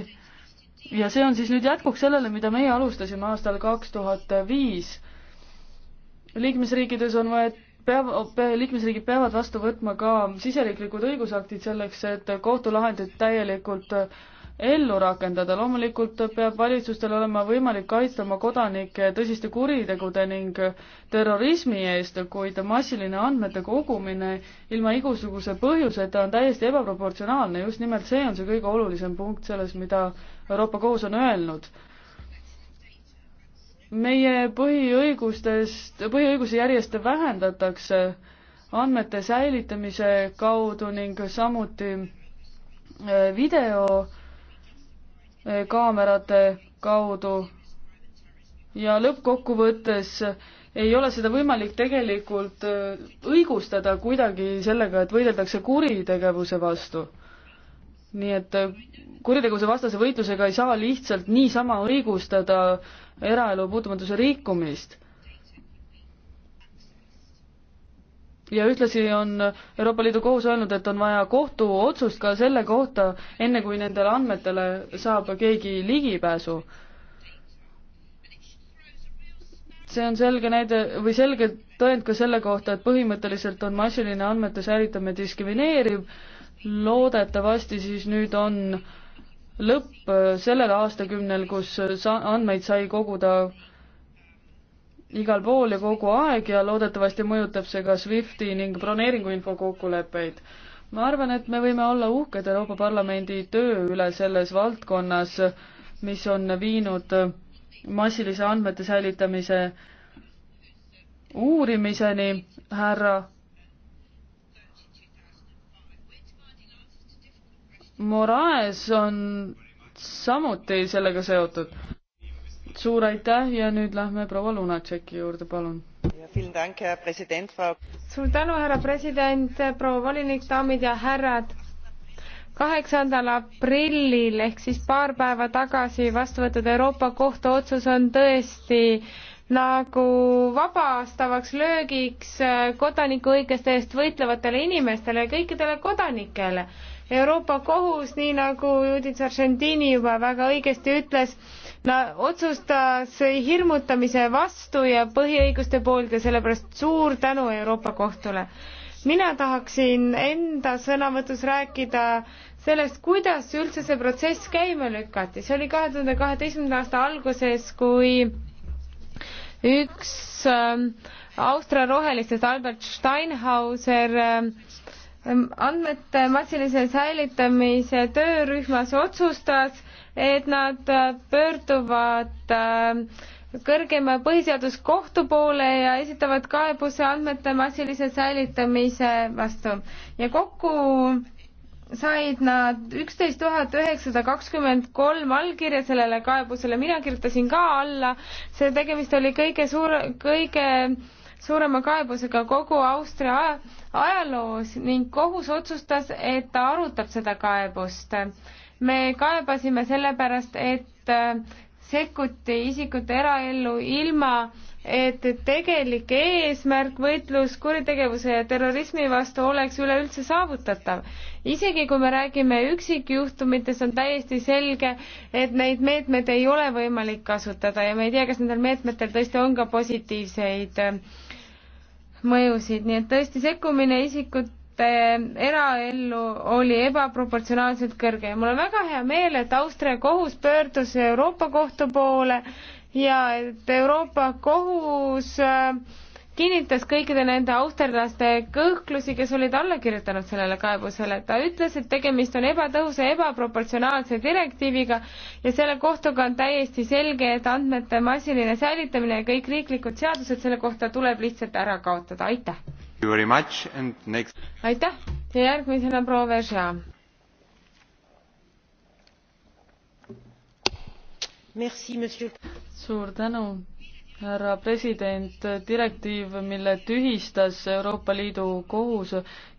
ja see on siis nüüd jätkuks sellele, mida meie alustasime aastal kaks tuhat viis. liikmesriikides on võet-, peab, liikmesriigid peavad vastu võtma ka siseriiklikud õigusaktid selleks, et kohtulahendid täielikult äh, ellu rakendada. loomulikult peab valitsustel olema võimalik kaitsta oma kodanikke tõsiste kuritegude ning terrorismi eest, kuid massiline andmete kogumine ilma igasuguse põhjuseta on täiesti ebaproportsionaalne. just nimelt see on see kõige olulisem punkt selles, mida Euroopa Kohus on öelnud meie põhiõigustest, põhiõiguse järjest vähendatakse andmete säilitamise kaudu ning samuti äh, video äh, kaamerate kaudu. ja lõppkokkuvõttes ei ole seda võimalik tegelikult äh, õigustada kuidagi sellega, et võideldakse kuritegevuse vastu. nii et äh, kuritegevuse vastase võitlusega ei saa lihtsalt niisama õigustada eraelu puutumatuse rikkumist ja ühtlasi on Euroopa Liidu kohus öelnud, et on vaja kohtuotsust ka selle kohta, enne kui nendele andmetele saab keegi ligipääsu. see on selge näide või selge tõend ka selle kohta, et põhimõtteliselt on massiline andmete säilitamine diskrimineeriv, loodetavasti siis nüüd on lõpp sellel aastakümnel, kus sa-, andmeid sai koguda igal pool ja kogu aeg ja loodetavasti mõjutab see ka SWIFTi ning broneeringuinfo kokkuleppeid. ma arvan, et me võime olla uhked Euroopa Parlamendi töö üle selles valdkonnas, mis on viinud massilise andmete säilitamise uurimiseni, härra Moraes on samuti sellega seotud suur aitäh ja nüüd lähme proua Lunatšeki juurde, palun. suur tänu, härra president, proua volinik, daamid ja härrad. kaheksandal aprillil ehk siis paar päeva tagasi vastu võetud Euroopa Kohtu otsus on tõesti nagu vabastavaks löögiks kodanikuõiguste eest võitlevatele inimestele ja kõikidele kodanikele. Euroopa Kohus, nii nagu Judith Sargentini juba väga õigesti ütles, na-, otsustas hirmutamise vastu ja põhiõiguste poolt ja sellepärast suur tänu Euroopa Kohtule. mina tahaksin enda sõnavõtus rääkida sellest, kuidas üldse see protsess käima lükati. see oli kahe tuhande kaheteistkümnenda aasta alguses, kui üks äh, Austria rohelistest Albert Steinhauser äh, andmete massilise säilitamise töörühmas otsustas, et nad äh, pöörduvad äh, kõrgema põhiseaduskohtu poole ja esitavad kaebuse andmete massilise säilitamise vastu. ja kokku said nad üksteist tuhat üheksasada kakskümmend kolm allkirja sellele kaebusele, mina kirjutasin ka alla, see tegemist oli kõige suur, kõige suurema kaebusega kogu Austria ajaloos ning kohus otsustas, et ta arutab seda kaebust me kaebasime sellepärast, et äh, sekkuti isikute eraellu ilma, et tegelik eesmärk võitlus kuritegevuse ja terrorismi vastu oleks üleüldse saavutatav. isegi kui me räägime üksikjuhtumitest, on täiesti selge, et neid meetmeid ei ole võimalik kasutada ja me ei tea, kas nendel meetmetel tõesti on ka positiivseid äh, mõjusid, nii et tõesti sekkumine isikut eraellu oli ebaproportsionaalselt kõrge ja mul on väga hea meel, et Austria kohus pöördus Euroopa Kohtu poole ja et Euroopa Kohus äh, kinnitas kõikide nende austerlaste kõhklusi, kes olid alla kirjutanud sellele kaebusele. ta ütles, et tegemist on ebatõhusa, ebaproportsionaalse direktiiviga ja selle kohtuga on täiesti selge, et andmete massiline säilitamine ja kõik riiklikud seadused selle kohta tuleb lihtsalt ära kaotada. aitäh! Next... aitäh ja järgmisena proua Veržea. suur tänu, härra president, direktiiv, mille tühistas Euroopa Liidu kohus,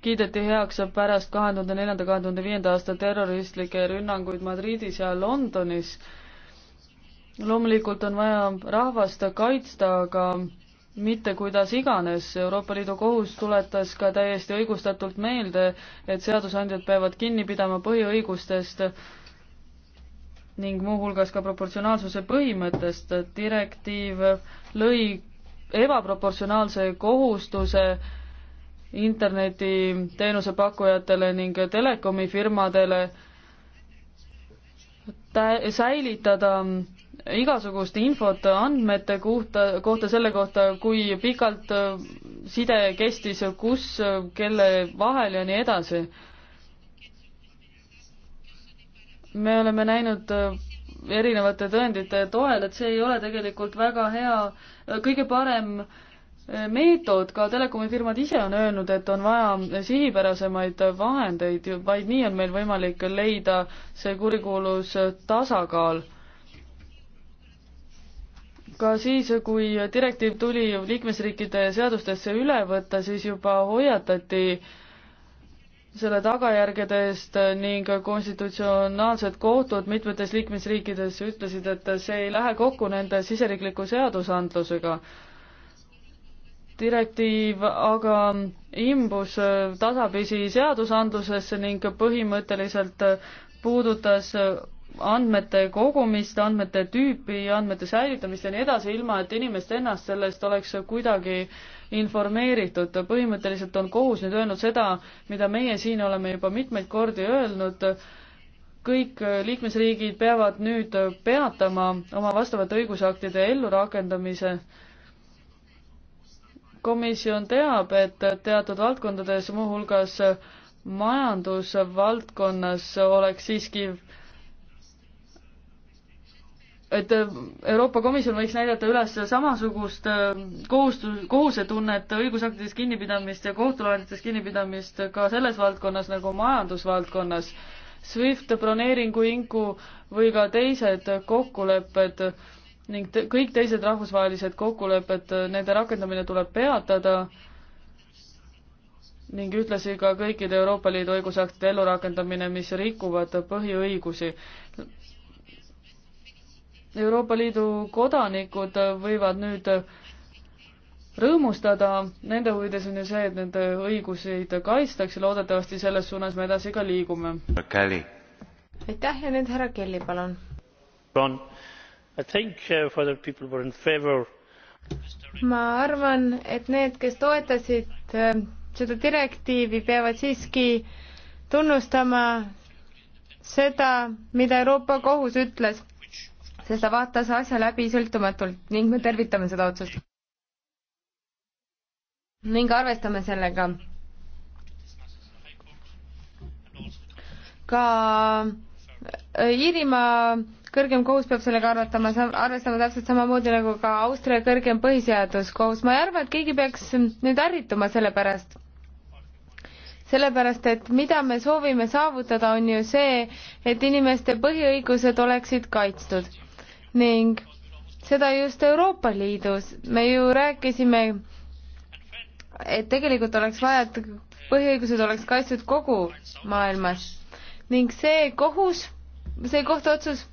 kiideti heaks pärast kahe tuhande neljanda, kahe tuhande viienda aasta terroristlikke rünnanguid Madridis ja Londonis. loomulikult on vaja rahvast kaitsta, aga mitte kuidas iganes, Euroopa Liidu kohus tuletas ka täiesti õigustatult meelde, et seadusandjad peavad kinni pidama põhiõigustest ning muuhulgas ka proportsionaalsuse põhimõttest. direktiiv lõi ebaproportsionaalse kohustuse internetiteenuse pakkujatele ning telekomifirmadele säilitada igasugust infot andmete kohta, kohta selle kohta, kui pikalt side kestis, kus, kelle vahel ja nii edasi me oleme näinud äh, erinevate tõendite toel, et see ei ole tegelikult väga hea, äh, kõige parem äh, meetod, ka telekomifirmad ise on öelnud, et on vaja sihipärasemaid vahendeid, vaid nii on meil võimalik leida see kurikuulus tasakaal. ka siis, kui direktiiv tuli liikmesriikide seadustesse üle võtta, siis juba hoiatati äh, selle tagajärgede eest ning konstitutsionaalsed kohtud mitmetes liikmesriikides ütlesid, et see ei lähe kokku nende siseriikliku seadusandlusega. direktiiv aga imbus tasapisi seadusandlusesse ning põhimõtteliselt puudutas andmete kogumist, andmete tüüpi, andmete säilitamist ja nii edasi, ilma et inimest ennast sellest oleks kuidagi informeeritud. põhimõtteliselt on kohus nüüd öelnud seda, mida meie siin oleme juba mitmeid kordi öelnud, kõik liikmesriigid peavad nüüd peatama oma vastavate õigusaktide ellurakendamise. komisjon teab, et teatud valdkondades, muuhulgas majandusvaldkonnas oleks siiski et äh, Euroopa Komisjon võiks näidata üles samasugust äh, kohustus, kohusetunnet õigusaktidest kinnipidamist ja kohtulahenditest kinnipidamist ka selles valdkonnas nagu majandusvaldkonnas. SWIFT, broneeringu inku või ka teised kokkulepped ning te, kõik teised rahvusvahelised kokkulepped, nende rakendamine tuleb peatada ning ühtlasi ka kõikide Euroopa Liidu õigusaktide ellurakendamine, mis rikuvad põhiõigusi Euroopa Liidu kodanikud võivad nüüd rõõmustada, nende huvides on ju see, et nende õiguseid kaitstakse, loodetavasti selles suunas me edasi ka liigume. aitäh ja nüüd härra Kelly, palun. Uh, ma arvan, et need, kes toetasid äh, seda direktiivi, peavad siiski tunnustama seda, mida Euroopa Kohus ütles sest ta vaatas asja läbi sõltumatult ning me tervitame seda otsust. ning arvestame sellega. ka äh, Iirimaa kõrgem kohus peab sellega arvatama, arvestama täpselt samamoodi nagu ka Austria kõrgem põhiseaduskohus. ma ei arva, et keegi peaks nüüd ärrituma selle pärast. sellepärast, et mida me soovime saavutada, on ju see, et inimeste põhiõigused oleksid kaitstud ning seda just Euroopa Liidus. me ju rääkisime, et tegelikult oleks vaja, et põhiõigused oleks kaitstud kogu maailmas ning see kohus, see kohtuotsus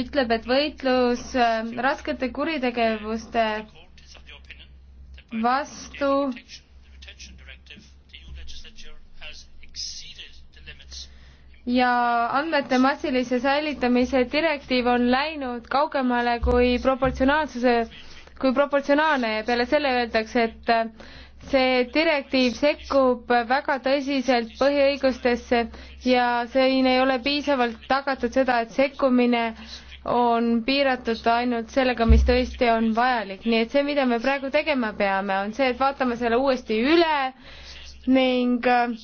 ütleb, et võitlus äh, raskete kuritegevuste vastu ja andmete massilise säilitamise direktiiv on läinud kaugemale kui proportsionaalsuse, kui proportsionaalne ja peale selle öeldakse, et see direktiiv sekkub väga tõsiselt põhiõigustesse ja siin ei ole piisavalt tagatud seda, et sekkumine on piiratud ainult sellega, mis tõesti on vajalik, nii et see, mida me praegu tegema peame, on see, et vaatame selle uuesti üle ning äh,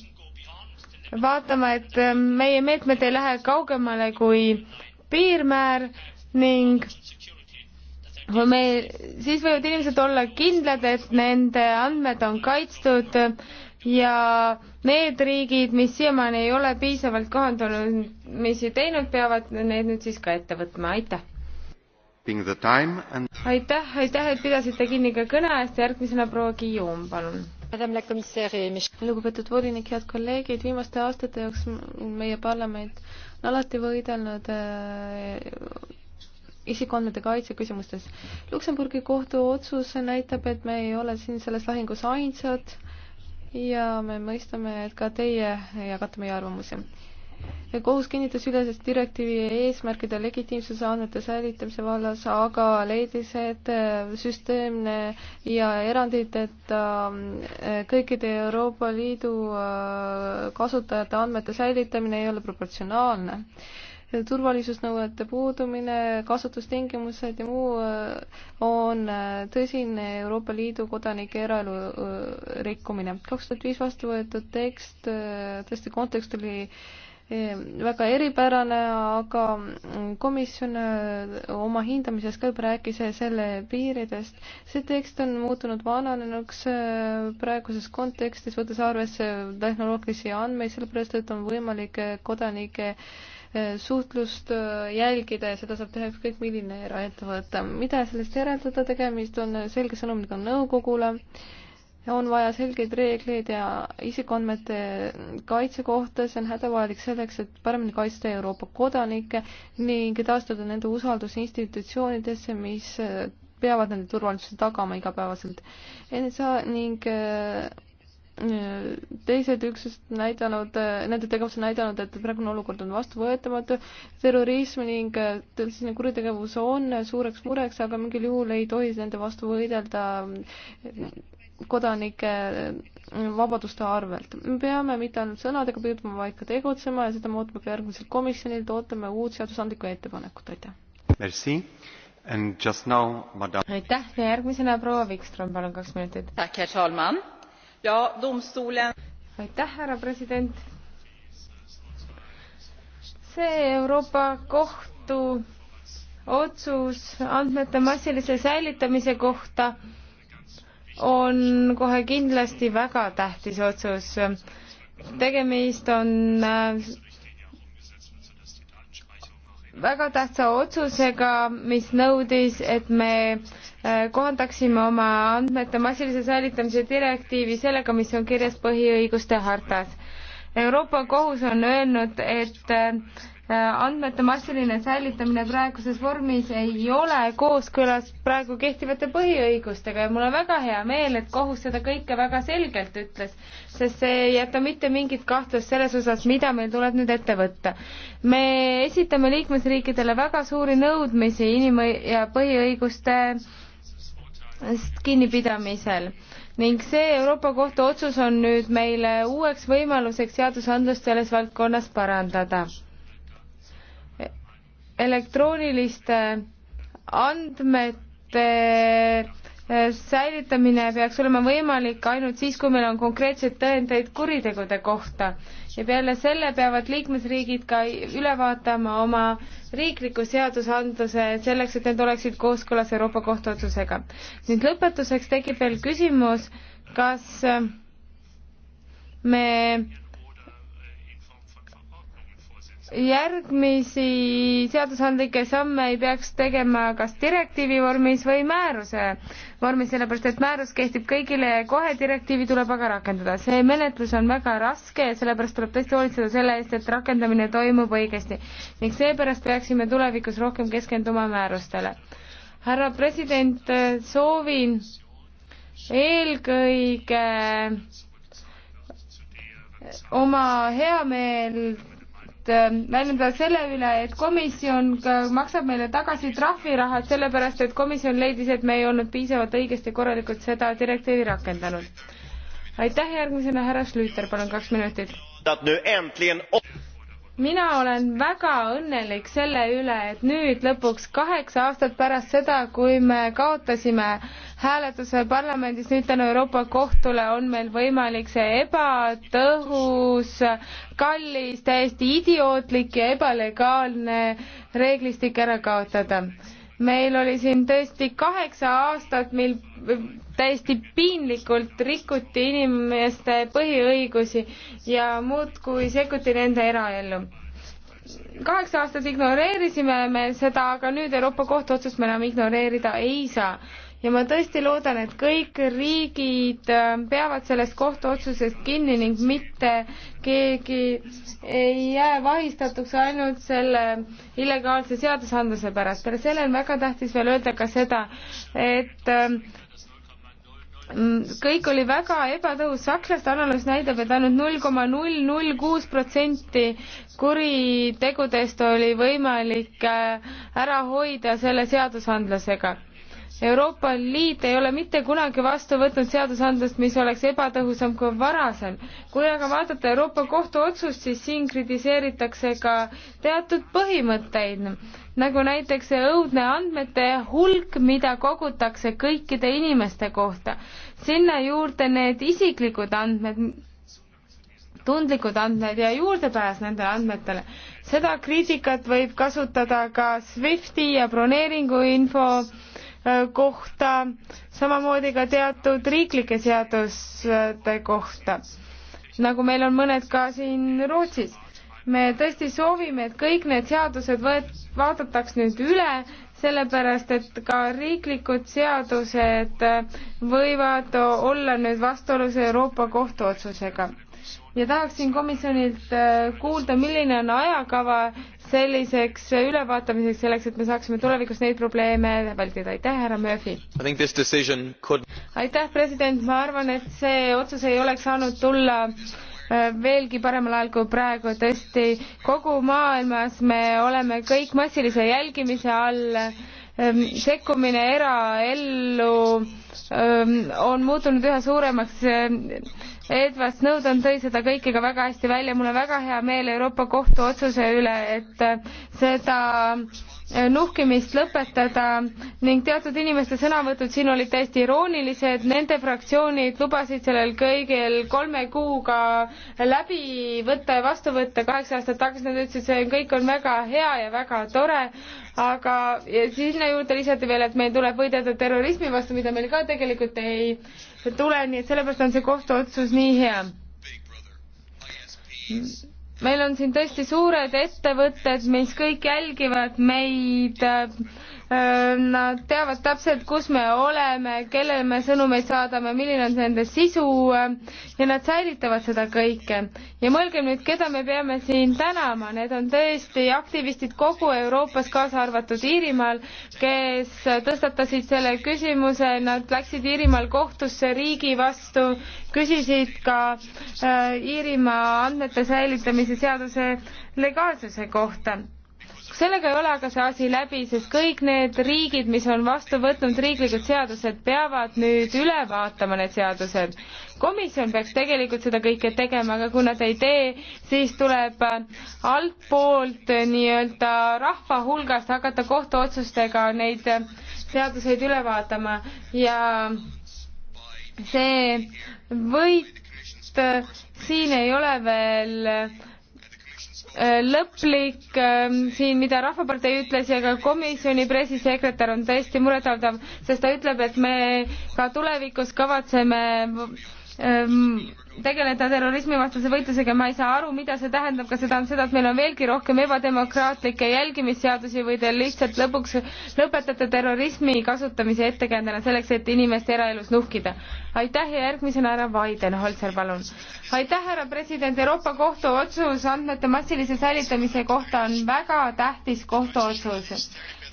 vaatama, et äh, meie meetmed ei lähe kaugemale kui piirmäär ning kui me, siis võivad inimesed olla kindlad, et nende andmed on kaitstud ja need riigid, mis siiamaani ei ole piisavalt kohandamisi teinud, peavad need nüüd siis ka ette võtma, aitäh! And... aitäh, aitäh, et pidasite kinni ka kõne eest, järgmisena proua Kiium, palun! lugupeetud volinik, head kolleegid, viimaste aastate jooksul meie parlament on alati võidelnud äh, isikuandmete kaitse küsimustes. Luksemburgi kohtu otsus näitab, et me ei ole siin selles lahingus ainsad ja me mõistame, et ka teie jagate meie arvamusi kohus kinnitas ülesest direktiivi eesmärkide legitiimsuse andmete säilitamise vallas, aga leidis, et äh, süsteemne ja eranditeta äh, kõikide Euroopa Liidu äh, kasutajate andmete säilitamine ei ole proportsionaalne turvalisusnõuete puudumine, kasutustingimused ja muu on tõsine Euroopa Liidu kodanike eraelu rikkumine. kaks tuhat viis vastu võetud tekst, tõesti kontekst oli Ehm, väga eripärane, aga komisjon äh, oma hindamises ka juba rääkis selle piiridest. see tekst on muutunud vananenuks äh, praeguses kontekstis, võttes arvesse tehnoloogilisi andmeid, sellepärast et on võimalik äh, kodanike suhtlust jälgida ja seda saab teha ükskõik milline eraettevõte. mida sellest järeldada, tegemist on selge sõnumiga nõukogule on vaja selgeid reegleid ja isikuandmete kaitse kohta, see on hädavajalik selleks, et paremini kaitsta Euroopa kodanikke ning taastada nende usaldus institutsioonidesse, mis peavad nende turvalisuse tagama igapäevaselt. NSA ning äh, teised üksused näidanud, nende tegevus on näidanud, et praegune olukord on vastuvõetamatu, terrorism ning äh, tõsine kuritegevus on suureks mureks, aga mingil juhul ei tohi nende vastu võidelda kodanike äh, vabaduste arvelt. me peame mitte ainult sõnadega püüdma, vaid ka tegutsema ja seda me ootame ka järgmiselt komisjonilt, ootame uut seadusandlikku ettepanekut, aitäh. Merci. And just now, madam. aitäh ja järgmisena proua Wikström, palun kaks minutit. aitäh, härra president. see Euroopa Kohtu otsus andmete massilise säilitamise kohta on kohe kindlasti väga tähtis otsus. tegemist on äh, väga tähtsa otsusega, mis nõudis, et me äh, kohandaksime oma andmete massilise säilitamise direktiivi sellega, mis on kirjas põhiõiguste hartas. Euroopa Kohus on öelnud, et äh, andmete massiline säilitamine praeguses vormis ei ole kooskõlas praegu kehtivate põhiõigustega ja mul on väga hea meel, et kohus seda kõike väga selgelt ütles, sest see ei jäta mitte mingit kahtlust selles osas, mida meil tuleb nüüd ette võtta. me esitame liikmesriikidele väga suuri nõudmisi inim- ja põhiõiguste kinnipidamisel ning see Euroopa Kohtu otsus on nüüd meile uueks võimaluseks seadusandlust selles valdkonnas parandada elektrooniliste andmete eh, säilitamine peaks olema võimalik ainult siis, kui meil on konkreetseid tõendeid kuritegude kohta ja peale selle peavad liikmesriigid ka üle vaatama oma riikliku seadusandluse selleks, et need oleksid kooskõlas Euroopa Kohtu otsusega. nüüd lõpetuseks tekib veel küsimus, kas me järgmisi seadusandlikke samme ei peaks tegema kas direktiivi vormis või määruse vormis, sellepärast et määrus kehtib kõigile ja kohe direktiivi tuleb aga rakendada. see menetlus on väga raske ja sellepärast tuleb tõesti hoolitseda selle eest, et rakendamine toimub õigesti ning seepärast peaksime tulevikus rohkem keskenduma määrustele. härra president, soovin eelkõige oma heameelt Ähm, väljendada selle üle, et komisjon maksab meile tagasi trahvirahad, sellepärast et komisjon leidis, et me ei olnud piisavalt õigesti korralikult seda direktiivi rakendanud. aitäh, järgmisena härra Schlüter, palun kaks minutit mina olen väga õnnelik selle üle, et nüüd lõpuks kaheksa aastat pärast seda, kui me kaotasime hääletuse parlamendis, nüüd tänu Euroopa Kohtule on meil võimalik see ebatõhus, kallis, täiesti idiootlik ja ebalegaalne reeglistik ära kaotada meil oli siin tõesti kaheksa aastat, mil täiesti piinlikult rikuti inimeste põhiõigusi ja muudkui sekkuti nende eraellu. kaheksa aastat ignoreerisime me seda, aga nüüd Euroopa Kohtu otsust me enam ignoreerida ei saa ja ma tõesti loodan, et kõik riigid äh, peavad sellest kohtuotsusest kinni ning mitte keegi ei jää vahistatuks ainult selle illegaalse seadusandluse pärast. peale selle on väga tähtis veel öelda ka seda, et ähm, mm, kõik oli väga ebatõhus, sakslaste analüüs näitab, et ainult null koma null null kuus protsenti kuritegudest oli võimalik äh, ära hoida selle seadusandlusega Euroopa Liit ei ole mitte kunagi vastu võtnud seadusandlust, mis oleks ebatõhusam kui varasem. kui aga vaadata Euroopa Kohtu otsust, siis siin kritiseeritakse ka teatud põhimõtteid, nagu näiteks see õudne andmete hulk, mida kogutakse kõikide inimeste kohta. sinna juurde need isiklikud andmed, tundlikud andmed ja juurdepääs nendele andmetele. seda kriitikat võib kasutada ka SWIFTi ja broneeringuinfo info Äh, kohta, samamoodi ka teatud riiklike seaduste kohta, nagu meil on mõned ka siin Rootsis. me tõesti soovime, et kõik need seadused võet-, vaadataks nüüd üle, sellepärast et ka riiklikud seadused võivad olla nüüd vastuolus Euroopa Kohtu otsusega ja tahaksin komisjonilt äh, kuulda, milline on ajakava selliseks ülevaatamiseks, selleks et me saaksime tulevikus neid probleeme vältida. aitäh, härra Murphy! Could... aitäh, president, ma arvan, et see otsus ei oleks saanud tulla äh, veelgi paremal ajal kui praegu, tõesti kogu maailmas me oleme kõik massilise jälgimise all, ehm, sekkumine eraellu ehm, on muutunud üha suuremaks ehm, Edward Snowden tõi seda kõike ka väga hästi välja, mul on väga hea meel Euroopa Kohtu otsuse üle, et äh, seda Äh, nuhkimist lõpetada ning teatud inimeste sõnavõtud siin olid täiesti iroonilised, nende fraktsioonid lubasid sellel kõigil kolme kuuga läbi võtta ja vastu võtta, kaheksa aastat tagasi nad ütlesid, see kõik on väga hea ja väga tore, aga sinna juurde lisati veel, et meil tuleb võidelda terrorismi vastu, mida meil ka tegelikult ei tule, nii et sellepärast on see kohtuotsus nii hea meil on siin tõesti suured ettevõtted, mis kõik jälgivad meid Ehm, nad teavad täpselt, kus me oleme, kellele me sõnumeid saadame, milline on nende sisu ehm, ja nad säilitavad seda kõike. ja mõelgem nüüd, keda me peame siin tänama, need on tõesti aktivistid kogu Euroopas, kaasa arvatud Iirimaal, kes tõstatasid selle küsimuse, nad läksid Iirimaal kohtusse riigi vastu, küsisid ka ehm, Iirimaa andmete säilitamise seaduse legaalsuse kohta sellega ei ole aga see asi läbi, sest kõik need riigid, mis on vastu võtnud riiklikud seadused, peavad nüüd üle vaatama need seadused. komisjon peaks tegelikult seda kõike tegema, aga kui nad ei tee, siis tuleb altpoolt nii-öelda rahva hulgast hakata kohtuotsustega neid seaduseid üle vaatama ja see võit siin ei ole veel Äh, lõplik ähm, siin, mida Rahvapartei ütles ja ka komisjoni pressisekretär on tõesti muretavaldav, sest ta ütleb, et me ka tulevikus kavatseme Ehm, tegeleda terrorismivastase võitlusega, ma ei saa aru, mida see tähendab, kas see tähendab seda, et meil on veelgi rohkem ebademokraatlikke jälgimisseadusi või te lihtsalt lõpuks lõpetate terrorismi kasutamise ettekäändena selleks, et inimeste eraelus nuhkida. aitäh ja järgmisena härra Weidenholzer, palun. aitäh, härra president, Euroopa Kohtu otsus andmete massilise säilitamise kohta on väga tähtis kohtuotsus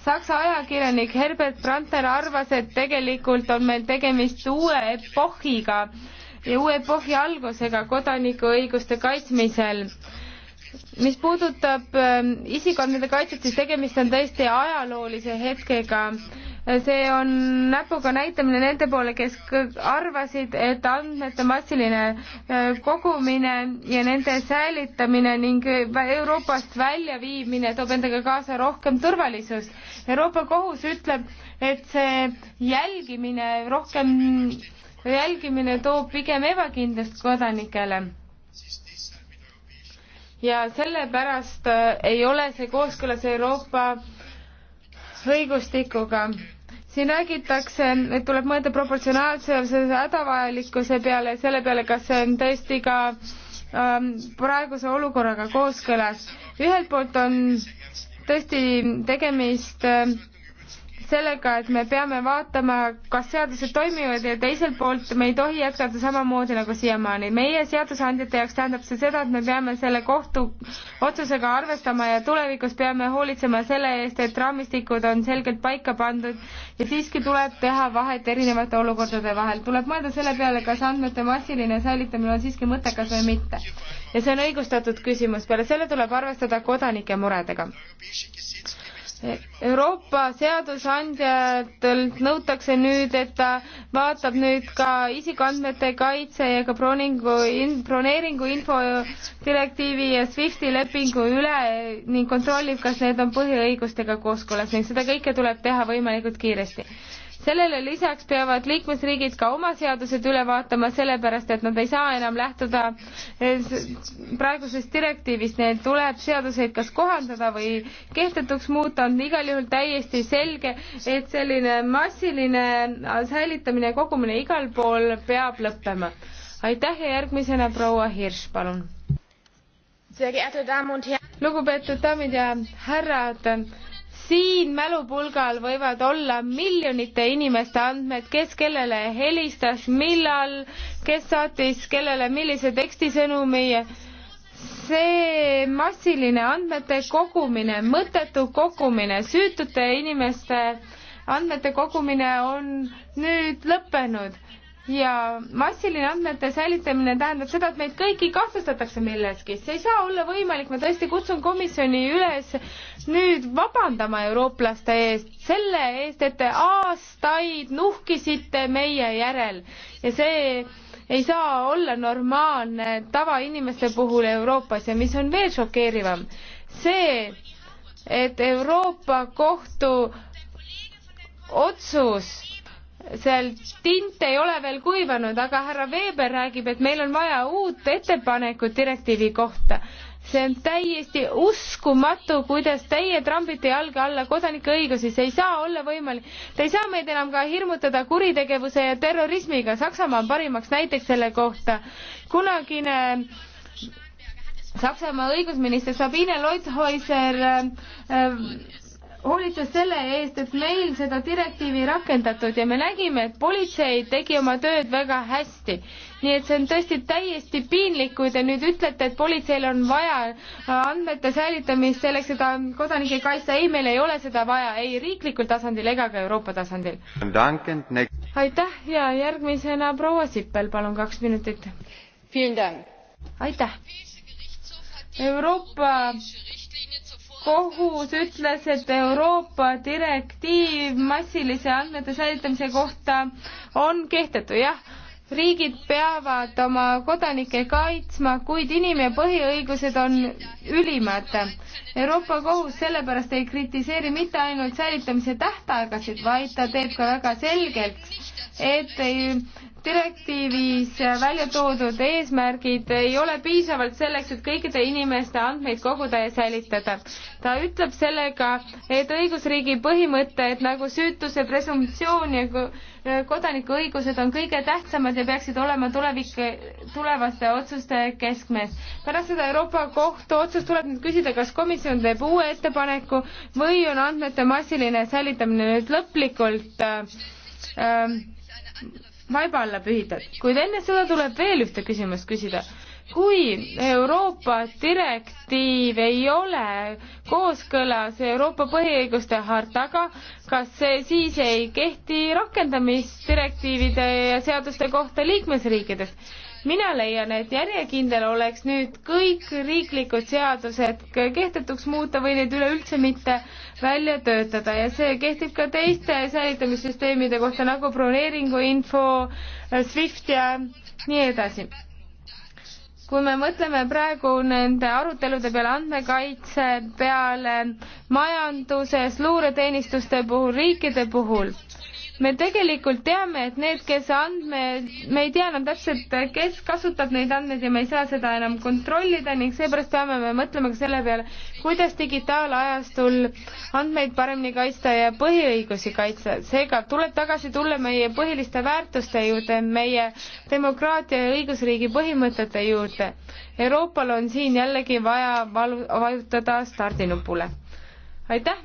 Saksa ajakirjanik Herbert Brandner arvas, et tegelikult on meil tegemist uue epohhiga ja uue epohhi algusega kodanikuõiguste kaitsmisel. mis puudutab ähm, isikuandmete kaitset, siis tegemist on tõesti ajaloolise hetkega. see on näpuga näitamine nende poole, kes arvasid, et andmete massiline äh, kogumine ja nende säilitamine ning äh, Euroopast väljaviimine toob endaga kaasa rohkem turvalisust. Euroopa Kohus ütleb, et see jälgimine rohkem jälgimine toob pigem ebakindlust kodanikele. ja sellepärast äh, ei ole see kooskõlas Euroopa õigustikuga siin räägitakse, et tuleb mõelda proportsionaalsuse hädavajalikkuse peale ja selle peale, kas see on tõesti ka ähm, praeguse olukorraga kooskõlas. ühelt poolt on tõesti tegemist äh, sellega, et me peame vaatama, kas seadused toimivad ja teiselt poolt me ei tohi jätkata samamoodi nagu siiamaani. meie seadusandjate jaoks tähendab see seda, et me peame selle kohtu otsusega arvestama ja tulevikus peame hoolitsema selle eest, et raamistikud on selgelt paika pandud ja siiski tuleb teha vahet erinevate olukordade vahel. tuleb mõelda selle peale, kas andmete massiline säilitamine on siiski mõttekas või mitte. ja see on õigustatud küsimus, peale selle tuleb arvestada kodanike muredega Euroopa seadusandjatelt nõutakse nüüd, et ta vaatab nüüd ka isikuandmete kaitse ja ka broningu in,, broneeringu info direktiivi ja SWIFTi lepingu üle ning kontrollib, kas need on põhiõigustega kooskõlas ning seda kõike tuleb teha võimalikult kiiresti sellele lisaks peavad liikmesriigid ka oma seadused üle vaatama, sellepärast et nad ei saa enam lähtuda eh, praegusest direktiivist, neil tuleb seaduseid kas kohandada või kehtetuks muuta, on igal juhul täiesti selge, et selline massiline säilitamine ja kogumine igal pool peab lõppema. aitäh ja järgmisena proua Hirš, palun. lugupeetud daamid ja härrad siin mälupulgal võivad olla miljonite inimeste andmed, kes kellele helistas, millal, kes saatis kellele millise tekstisõnumi. see massiline andmete kogumine, mõttetu kogumine, süütute inimeste andmete kogumine on nüüd lõppenud ja massiline andmete säilitamine tähendab seda, et meid kõiki kahtlustatakse milleski. see ei saa olla võimalik, ma tõesti kutsun komisjoni üles nüüd vabandama eurooplaste eest, selle eest, et te aastaid nuhkisite meie järel ja see ei saa olla normaalne tavainimeste puhul Euroopas ja mis on veel šokeerivam, see, et Euroopa Kohtu otsus seal tint ei ole veel kuivanud, aga härra Weber räägib, et meil on vaja uut ettepanekut direktiivi kohta. see on täiesti uskumatu, kuidas teie trambite jalge alla kodanike õigusi, see ei saa olla võimalik. Te ei saa meid enam ka hirmutada kuritegevuse ja terrorismiga, Saksamaa on parimaks näiteks selle kohta. kunagine Saksamaa õigusminister Sabine Leuthäuser äh, äh, hoolitses selle eest, et meil seda direktiivi rakendatud ja me nägime, et politsei tegi oma tööd väga hästi. nii et see on tõesti täiesti piinlik, kui te nüüd ütlete, et politseil on vaja andmete säilitamist selleks, et kodanikke kaitsta. ei, meil ei ole seda vaja ei riiklikul tasandil ega ka Euroopa tasandil. aitäh ja järgmisena proua Sippel, palun kaks minutit. aitäh. Euroopa kohus ütles, et Euroopa direktiiv massilise andmete säilitamise kohta on kehtetu, jah riigid peavad oma kodanikke kaitsma, kuid inim- ja põhiõigused on ülimad. Euroopa Kohus sellepärast ei kritiseeri mitte ainult säilitamise tähtaegasid, vaid ta teeb ka väga selgeks, et direktiivis välja toodud eesmärgid ei ole piisavalt selleks, et kõikide inimeste andmeid koguda ja säilitada. ta ütleb sellega, et õigusriigi põhimõtted nagu süütuse presumptsioon ja kodanikuõigused on kõige tähtsamad ja peaksid olema tulevik, tulevaste otsuste keskmes. pärast seda Euroopa Kohtu otsust tuleb nüüd küsida, kas komisjon teeb uue ettepaneku või on andmete massiline säilitamine nüüd lõplikult äh, äh, vaiba alla pühitud, kuid enne seda tuleb veel ühte küsimust küsida. kui Euroopa direktiiv ei ole kooskõlas Euroopa põhiõiguste hartaga, kas see siis ei kehti rakendamisdirektiivide ja seaduste kohta liikmesriikides? mina leian, et järjekindel oleks nüüd kõik riiklikud seadused kehtetuks muuta või neid üleüldse mitte äh, välja töötada ja see kehtib ka teiste säilitamissüsteemide kohta nagu broneeringuinfo, SWIFT ja nii edasi kui me mõtleme praegu nende arutelude peale andmekaitse peale majanduses, luureteenistuste puhul, riikide puhul, me tegelikult teame, et need, kes andmed, me ei tea enam täpselt, kes kasutab neid andmeid ja me ei saa seda enam kontrollida ning seepärast peame me mõtlema ka selle peale, kuidas digitaalajastul andmeid paremini kaitsta ja põhiõigusi kaitsta. seega tuleb tagasi tulla meie põhiliste väärtuste juurde, meie demokraatia ja õigusriigi põhimõtete juurde. Euroopal on siin jällegi vaja valu-, vajutada stardinupule. aitäh!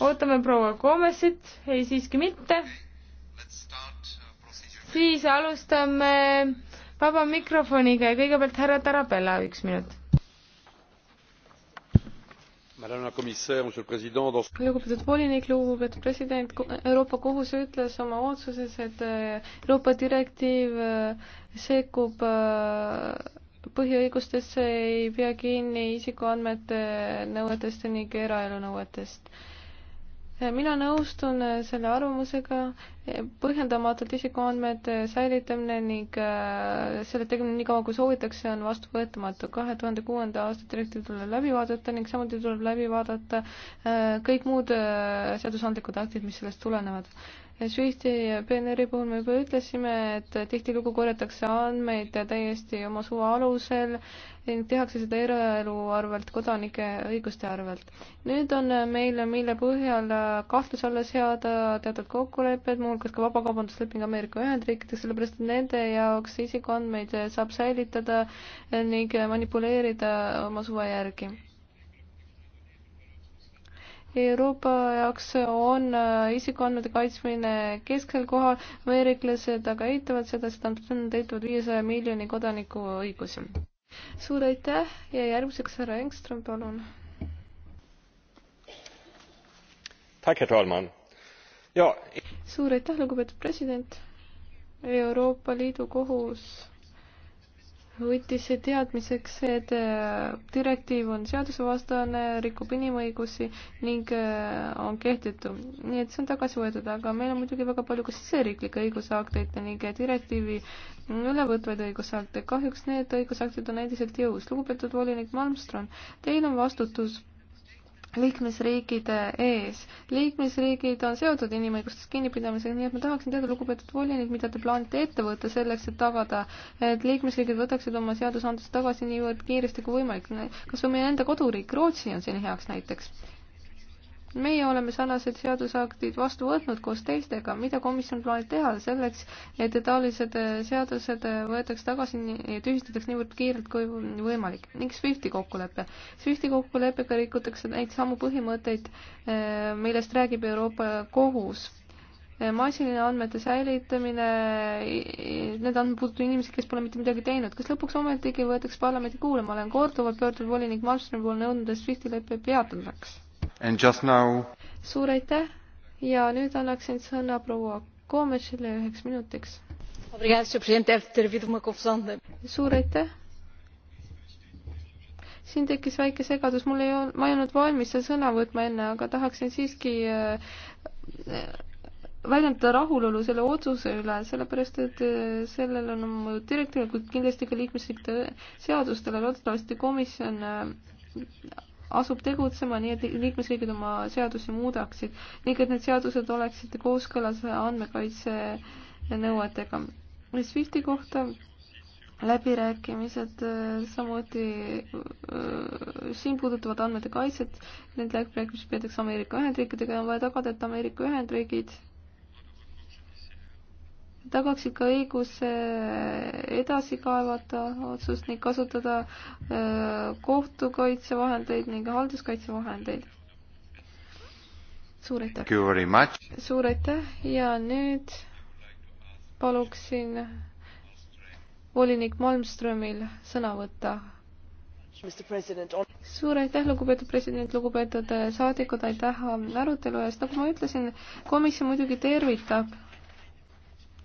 ootame proua Gomesit, ei siiski mitte. siis alustame vaba mikrofoniga ja kõigepealt härra Tarabella, üks minut. lugupeetud volinik, lugupeetud president, Euroopa Kohus ütles oma otsuses, et äh, Euroopa direktiiv äh, sekkub äh, põhiõigustesse, ei pea kinni isikuandmete nõuetest ning eraelu nõuetest mina nõustun äh, selle arvamusega, äh, põhjendamatult isikuandmete säilitamine ning äh, selle tegemine nii kaua, kui soovitakse, on vastuvõetamatu. kahe tuhande kuuenda aasta direktiiv tuleb läbi vaadata ning samuti tuleb läbi vaadata kõik muud seadusandlikud aktid, mis sellest tulenevad. Swifti ja PNR-i puhul me juba ütlesime, et tihtilugu korjatakse andmeid täiesti oma suva alusel ning tehakse seda eraelu arvelt, kodanike õiguste arvelt. nüüd on meil, mille põhjal kahtluse alla seada teatud kokkulepped, muuhulgas ka vabakaubandusleping Ameerika Ühendriikides, sellepärast et nende jaoks isikuandmeid saab säilitada ning manipuleerida oma suve järgi Euroopa jaoks on äh, isikuandmete kaitsmine keskel kohal, ameeriklased aga eitavad seda, seda nad eitavad viiesaja miljoni kodaniku õigusi. suur aitäh ja järgmiseks härra Engström, palun. suur aitäh, lugupeetud president. Euroopa Liidu kohus võttis teadmiseks, et äh, direktiiv on seadusevastane, rikub inimõigusi ning äh, on kehtetu. nii et see on tagasi võetud, aga meil on muidugi väga palju ka siseriiklikke õigusakteid ning direktiivi ülevõtvaid õigusakte. kahjuks need õigusaktid on endiselt jõus. lugupeetud volinik Malmström, teil on vastutus liikmesriikide ees. liikmesriigid on seotud inimõigustest kinnipidamisega, nii et ma tahaksin teada, lugupeetud volinik, mida te plaanite ette võtta selleks, et tagada, et liikmesriigid võtaksid oma seadusandlust tagasi niivõrd kiiresti kui võimalik. kas või meie enda koduriik Rootsi on siin heaks näiteks meie oleme sarnased seadusaktid vastu võtnud koos teistega, mida komisjon plaanib teha selleks, et taolised seadused võetakse tagasi ja tühistatakse niivõrd kiirelt kui võimalik ning SWIFTi kokkulepe. SWIFTi kokkuleppega rikutakse neid samu põhimõtteid, eh, millest räägib Euroopa Kohus eh, massiline andmete säilitamine, eh, need andmed puudutavad inimesi, kes pole mitte midagi teinud. kas lõpuks ometigi võetakse parlamendi kuulama, olen korduvalt pöördunud volinik Malmströmi poole nõudnud, et SWIFTi lepe peatataks Now... suur aitäh ja nüüd annaksin sõna proua Koomešile üheks minutiks. suur aitäh. siin tekkis väike segadus, mul ei olnud, ma ei olnud valmis seda sõna võtma enne, aga tahaksin siiski äh, väljendada rahulolu selle otsuse üle, sellepärast et äh, sellel on mõju direktiivile, kuid kindlasti ka liikmesriikide seadustele, loodetavasti komisjon äh, asub tegutsema nii, et liikmesriigid oma seadusi muudaksid ning et need seadused oleksid kooskõlas andmekaitse nõuetega. SWIFTi kohta läbirääkimised äh, samuti äh, siin puudutavad andmete kaitset, need läbirääkimised peetakse Ameerika Ühendriikidega ja on vaja tagada, et Ameerika Ühendriigid tagaksid ka õiguse edasi kaevata otsust ning kasutada äh, kohtukaitsevahendeid ning halduskaitsevahendeid. suur aitäh! suur aitäh ja nüüd paluksin volinik Malmströmil sõna võtta. suur aitäh, lugupeetud president, lugupeetud äh, saadikud, aitäh äh, arutelu eest, nagu ma ütlesin, komisjon muidugi tervitab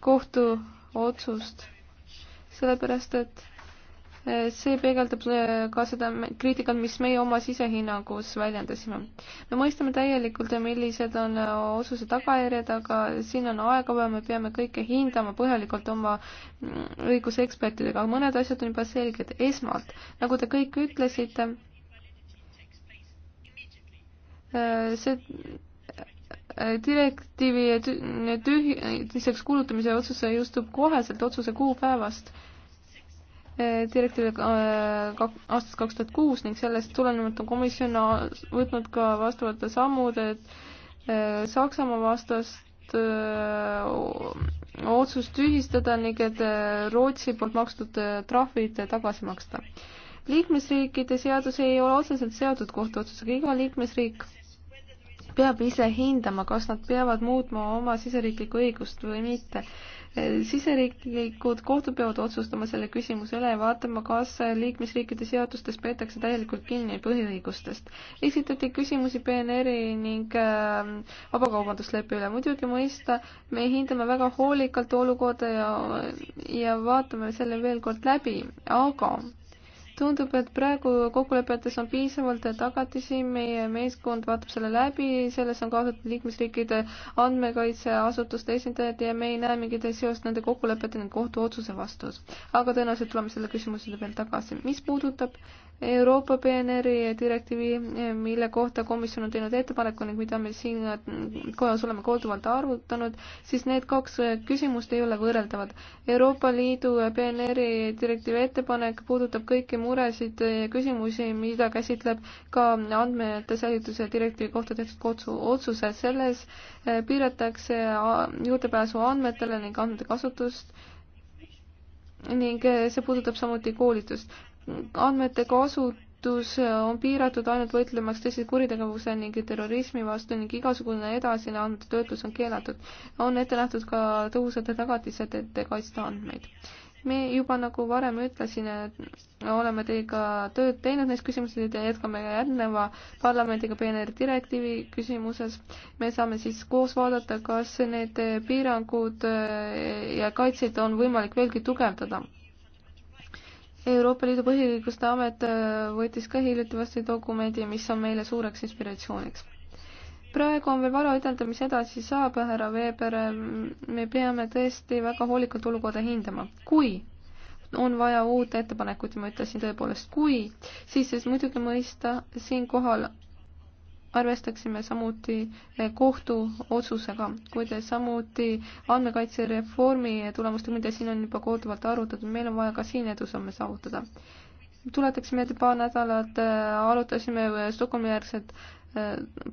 kohtuotsust, sellepärast et eh, see peegeldab eh, ka seda kriitikat, mis meie oma sisehinnangus väljendasime. me mõistame täielikult, millised on eh, otsuse tagajärjed, aga siin on aega vaja, me peame kõike hindama põhjalikult oma mm, õigusekspertidega, aga mõned asjad on juba selged. esmalt, nagu te kõik ütlesite, see direktiivi tühiseks kuulutamise otsuse jõustub koheselt otsuse kuupäevast e, direktiivi e, aastast kaks tuhat kuus ning sellest tulenevalt on komisjon võtnud ka vastavad sammud, et e, Saksamaa vastast otsust tühistada ning et Rootsi poolt makstud trahvid tagasi maksta. liikmesriikide seadus ei ole otseselt seotud kohtuotsusega, iga liikmesriik peab ise hindama, kas nad peavad muutma oma siseriiklikku õigust või mitte. siseriiklikud kohtud peavad otsustama selle küsimuse üle ja vaatama, kas liikmesriikide seadustes peetakse täielikult kinni põhiõigustest. esitati küsimusi PNR-i ning äh, vabakaubandusleppe üle. muidugi mõista, me hindame väga hoolikalt olukorda ja, ja vaatame selle veel kord läbi, aga tundub, et praegu kokkulepetes on piisavalt tagatisi, meie meeskond vaatab selle läbi, selles on kaasatud liikmesriikide andmekaitseasutuste esindajad ja me ei näe mingit seost nende kokkulepete ning kohtuotsuse vastus. aga tõenäoliselt tuleme selle küsimusele veel tagasi. mis puudutab Euroopa PNR-i direktiivi, eh, mille kohta komisjon on teinud ettepaneku ning mida me siin eh, kojas oleme korduvalt arvutanud, siis need kaks eh, küsimust ei ole võrreldavad. Euroopa Liidu PNR-i direktiivi ettepanek puudutab kõiki muresid ja küsimusi, mida käsitleb ka andmete säilituse direktiivi kohta tehtud otsu, otsuse. selles piiratakse juurdepääsu andmetele ning andmete kasutust ning see puudutab samuti koolitust andmete kasutus on piiratud ainult võitlemaks tõsise kuritegevuse ning terrorismi vastu ning igasugune edasine andmete töötlus on keelatud. on ette nähtud ka tõhusad tagatised, et kaitsta andmeid. me juba nagu varem ütlesin, oleme teiega tööd teinud neis küsimustes ja jätkame järgneva parlamendiga PNR direktiivi küsimuses. me saame siis koos vaadata, kas need piirangud ja kaitseid on võimalik veelgi tugevdada Euroopa Liidu põhiõiguste amet äh, võttis ka hiljuti vastu dokumendi, mis on meile suureks inspiratsiooniks. praegu on veel vara ütelda, mis edasi saab, härra Veber, äh, me peame tõesti väga hoolikalt olukorda hindama. kui on vaja uut ettepanekut ja ma ütlesin tõepoolest kui, siis, siis muidugi mõista siinkohal arvestaksime samuti eh, kohtuotsusega, kuid samuti andmekaitsereformi tulemustega, mida siin on juba korduvalt arutatud, meil on vaja ka siin edusamme saavutada. tuletaksin meelde, paar nädalat eh, arutasime Stockholmi järgset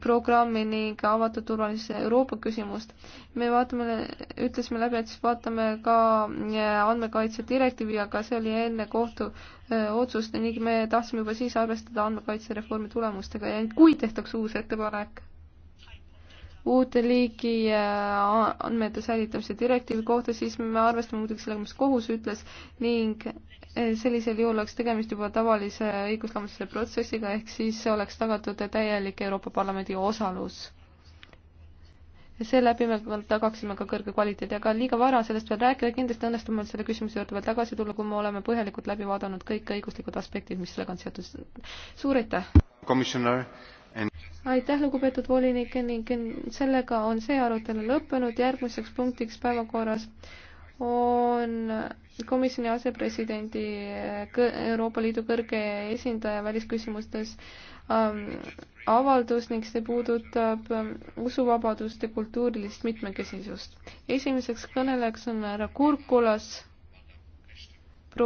programmi ning avatud turvalise Euroopa küsimust. me vaatame, ütlesime läbi, et siis vaatame ka andmekaitse direktiivi, aga see oli enne kohtu otsust ning me tahtsime juba siis arvestada andmekaitsereformi tulemustega ja kui tehtaks uus ettepanek uute liigi andmete säilitamise direktiivi kohta, siis me arvestame muidugi sellega, mis kohus ütles ning eh, sellisel juhul oleks tegemist juba tavalise õigusloomelise protsessiga, ehk siis oleks tagatud täielik Euroopa Parlamendi osalus. seeläbi me tagaksime ka kõrge kvaliteedi, aga liiga vara sellest veel rääkida, kindlasti õnnestub meil selle küsimuse juurde veel tagasi tulla, kui me oleme põhjalikult läbi vaadanud kõik õiguslikud aspektid, mis sellega on seotud. suur aitäh! komisjonär aitäh, lugupeetud volinik ning sellega on see arutelu lõppenud, järgmiseks punktiks päevakorras on komisjoni asepresidendi Euroopa Liidu kõrge esindaja välisküsimustes ähm, avaldus ning see puudutab ähm, usuvabadust ja kultuurilist mitmekesisust. esimeseks kõnelejaks on härra Kurkulas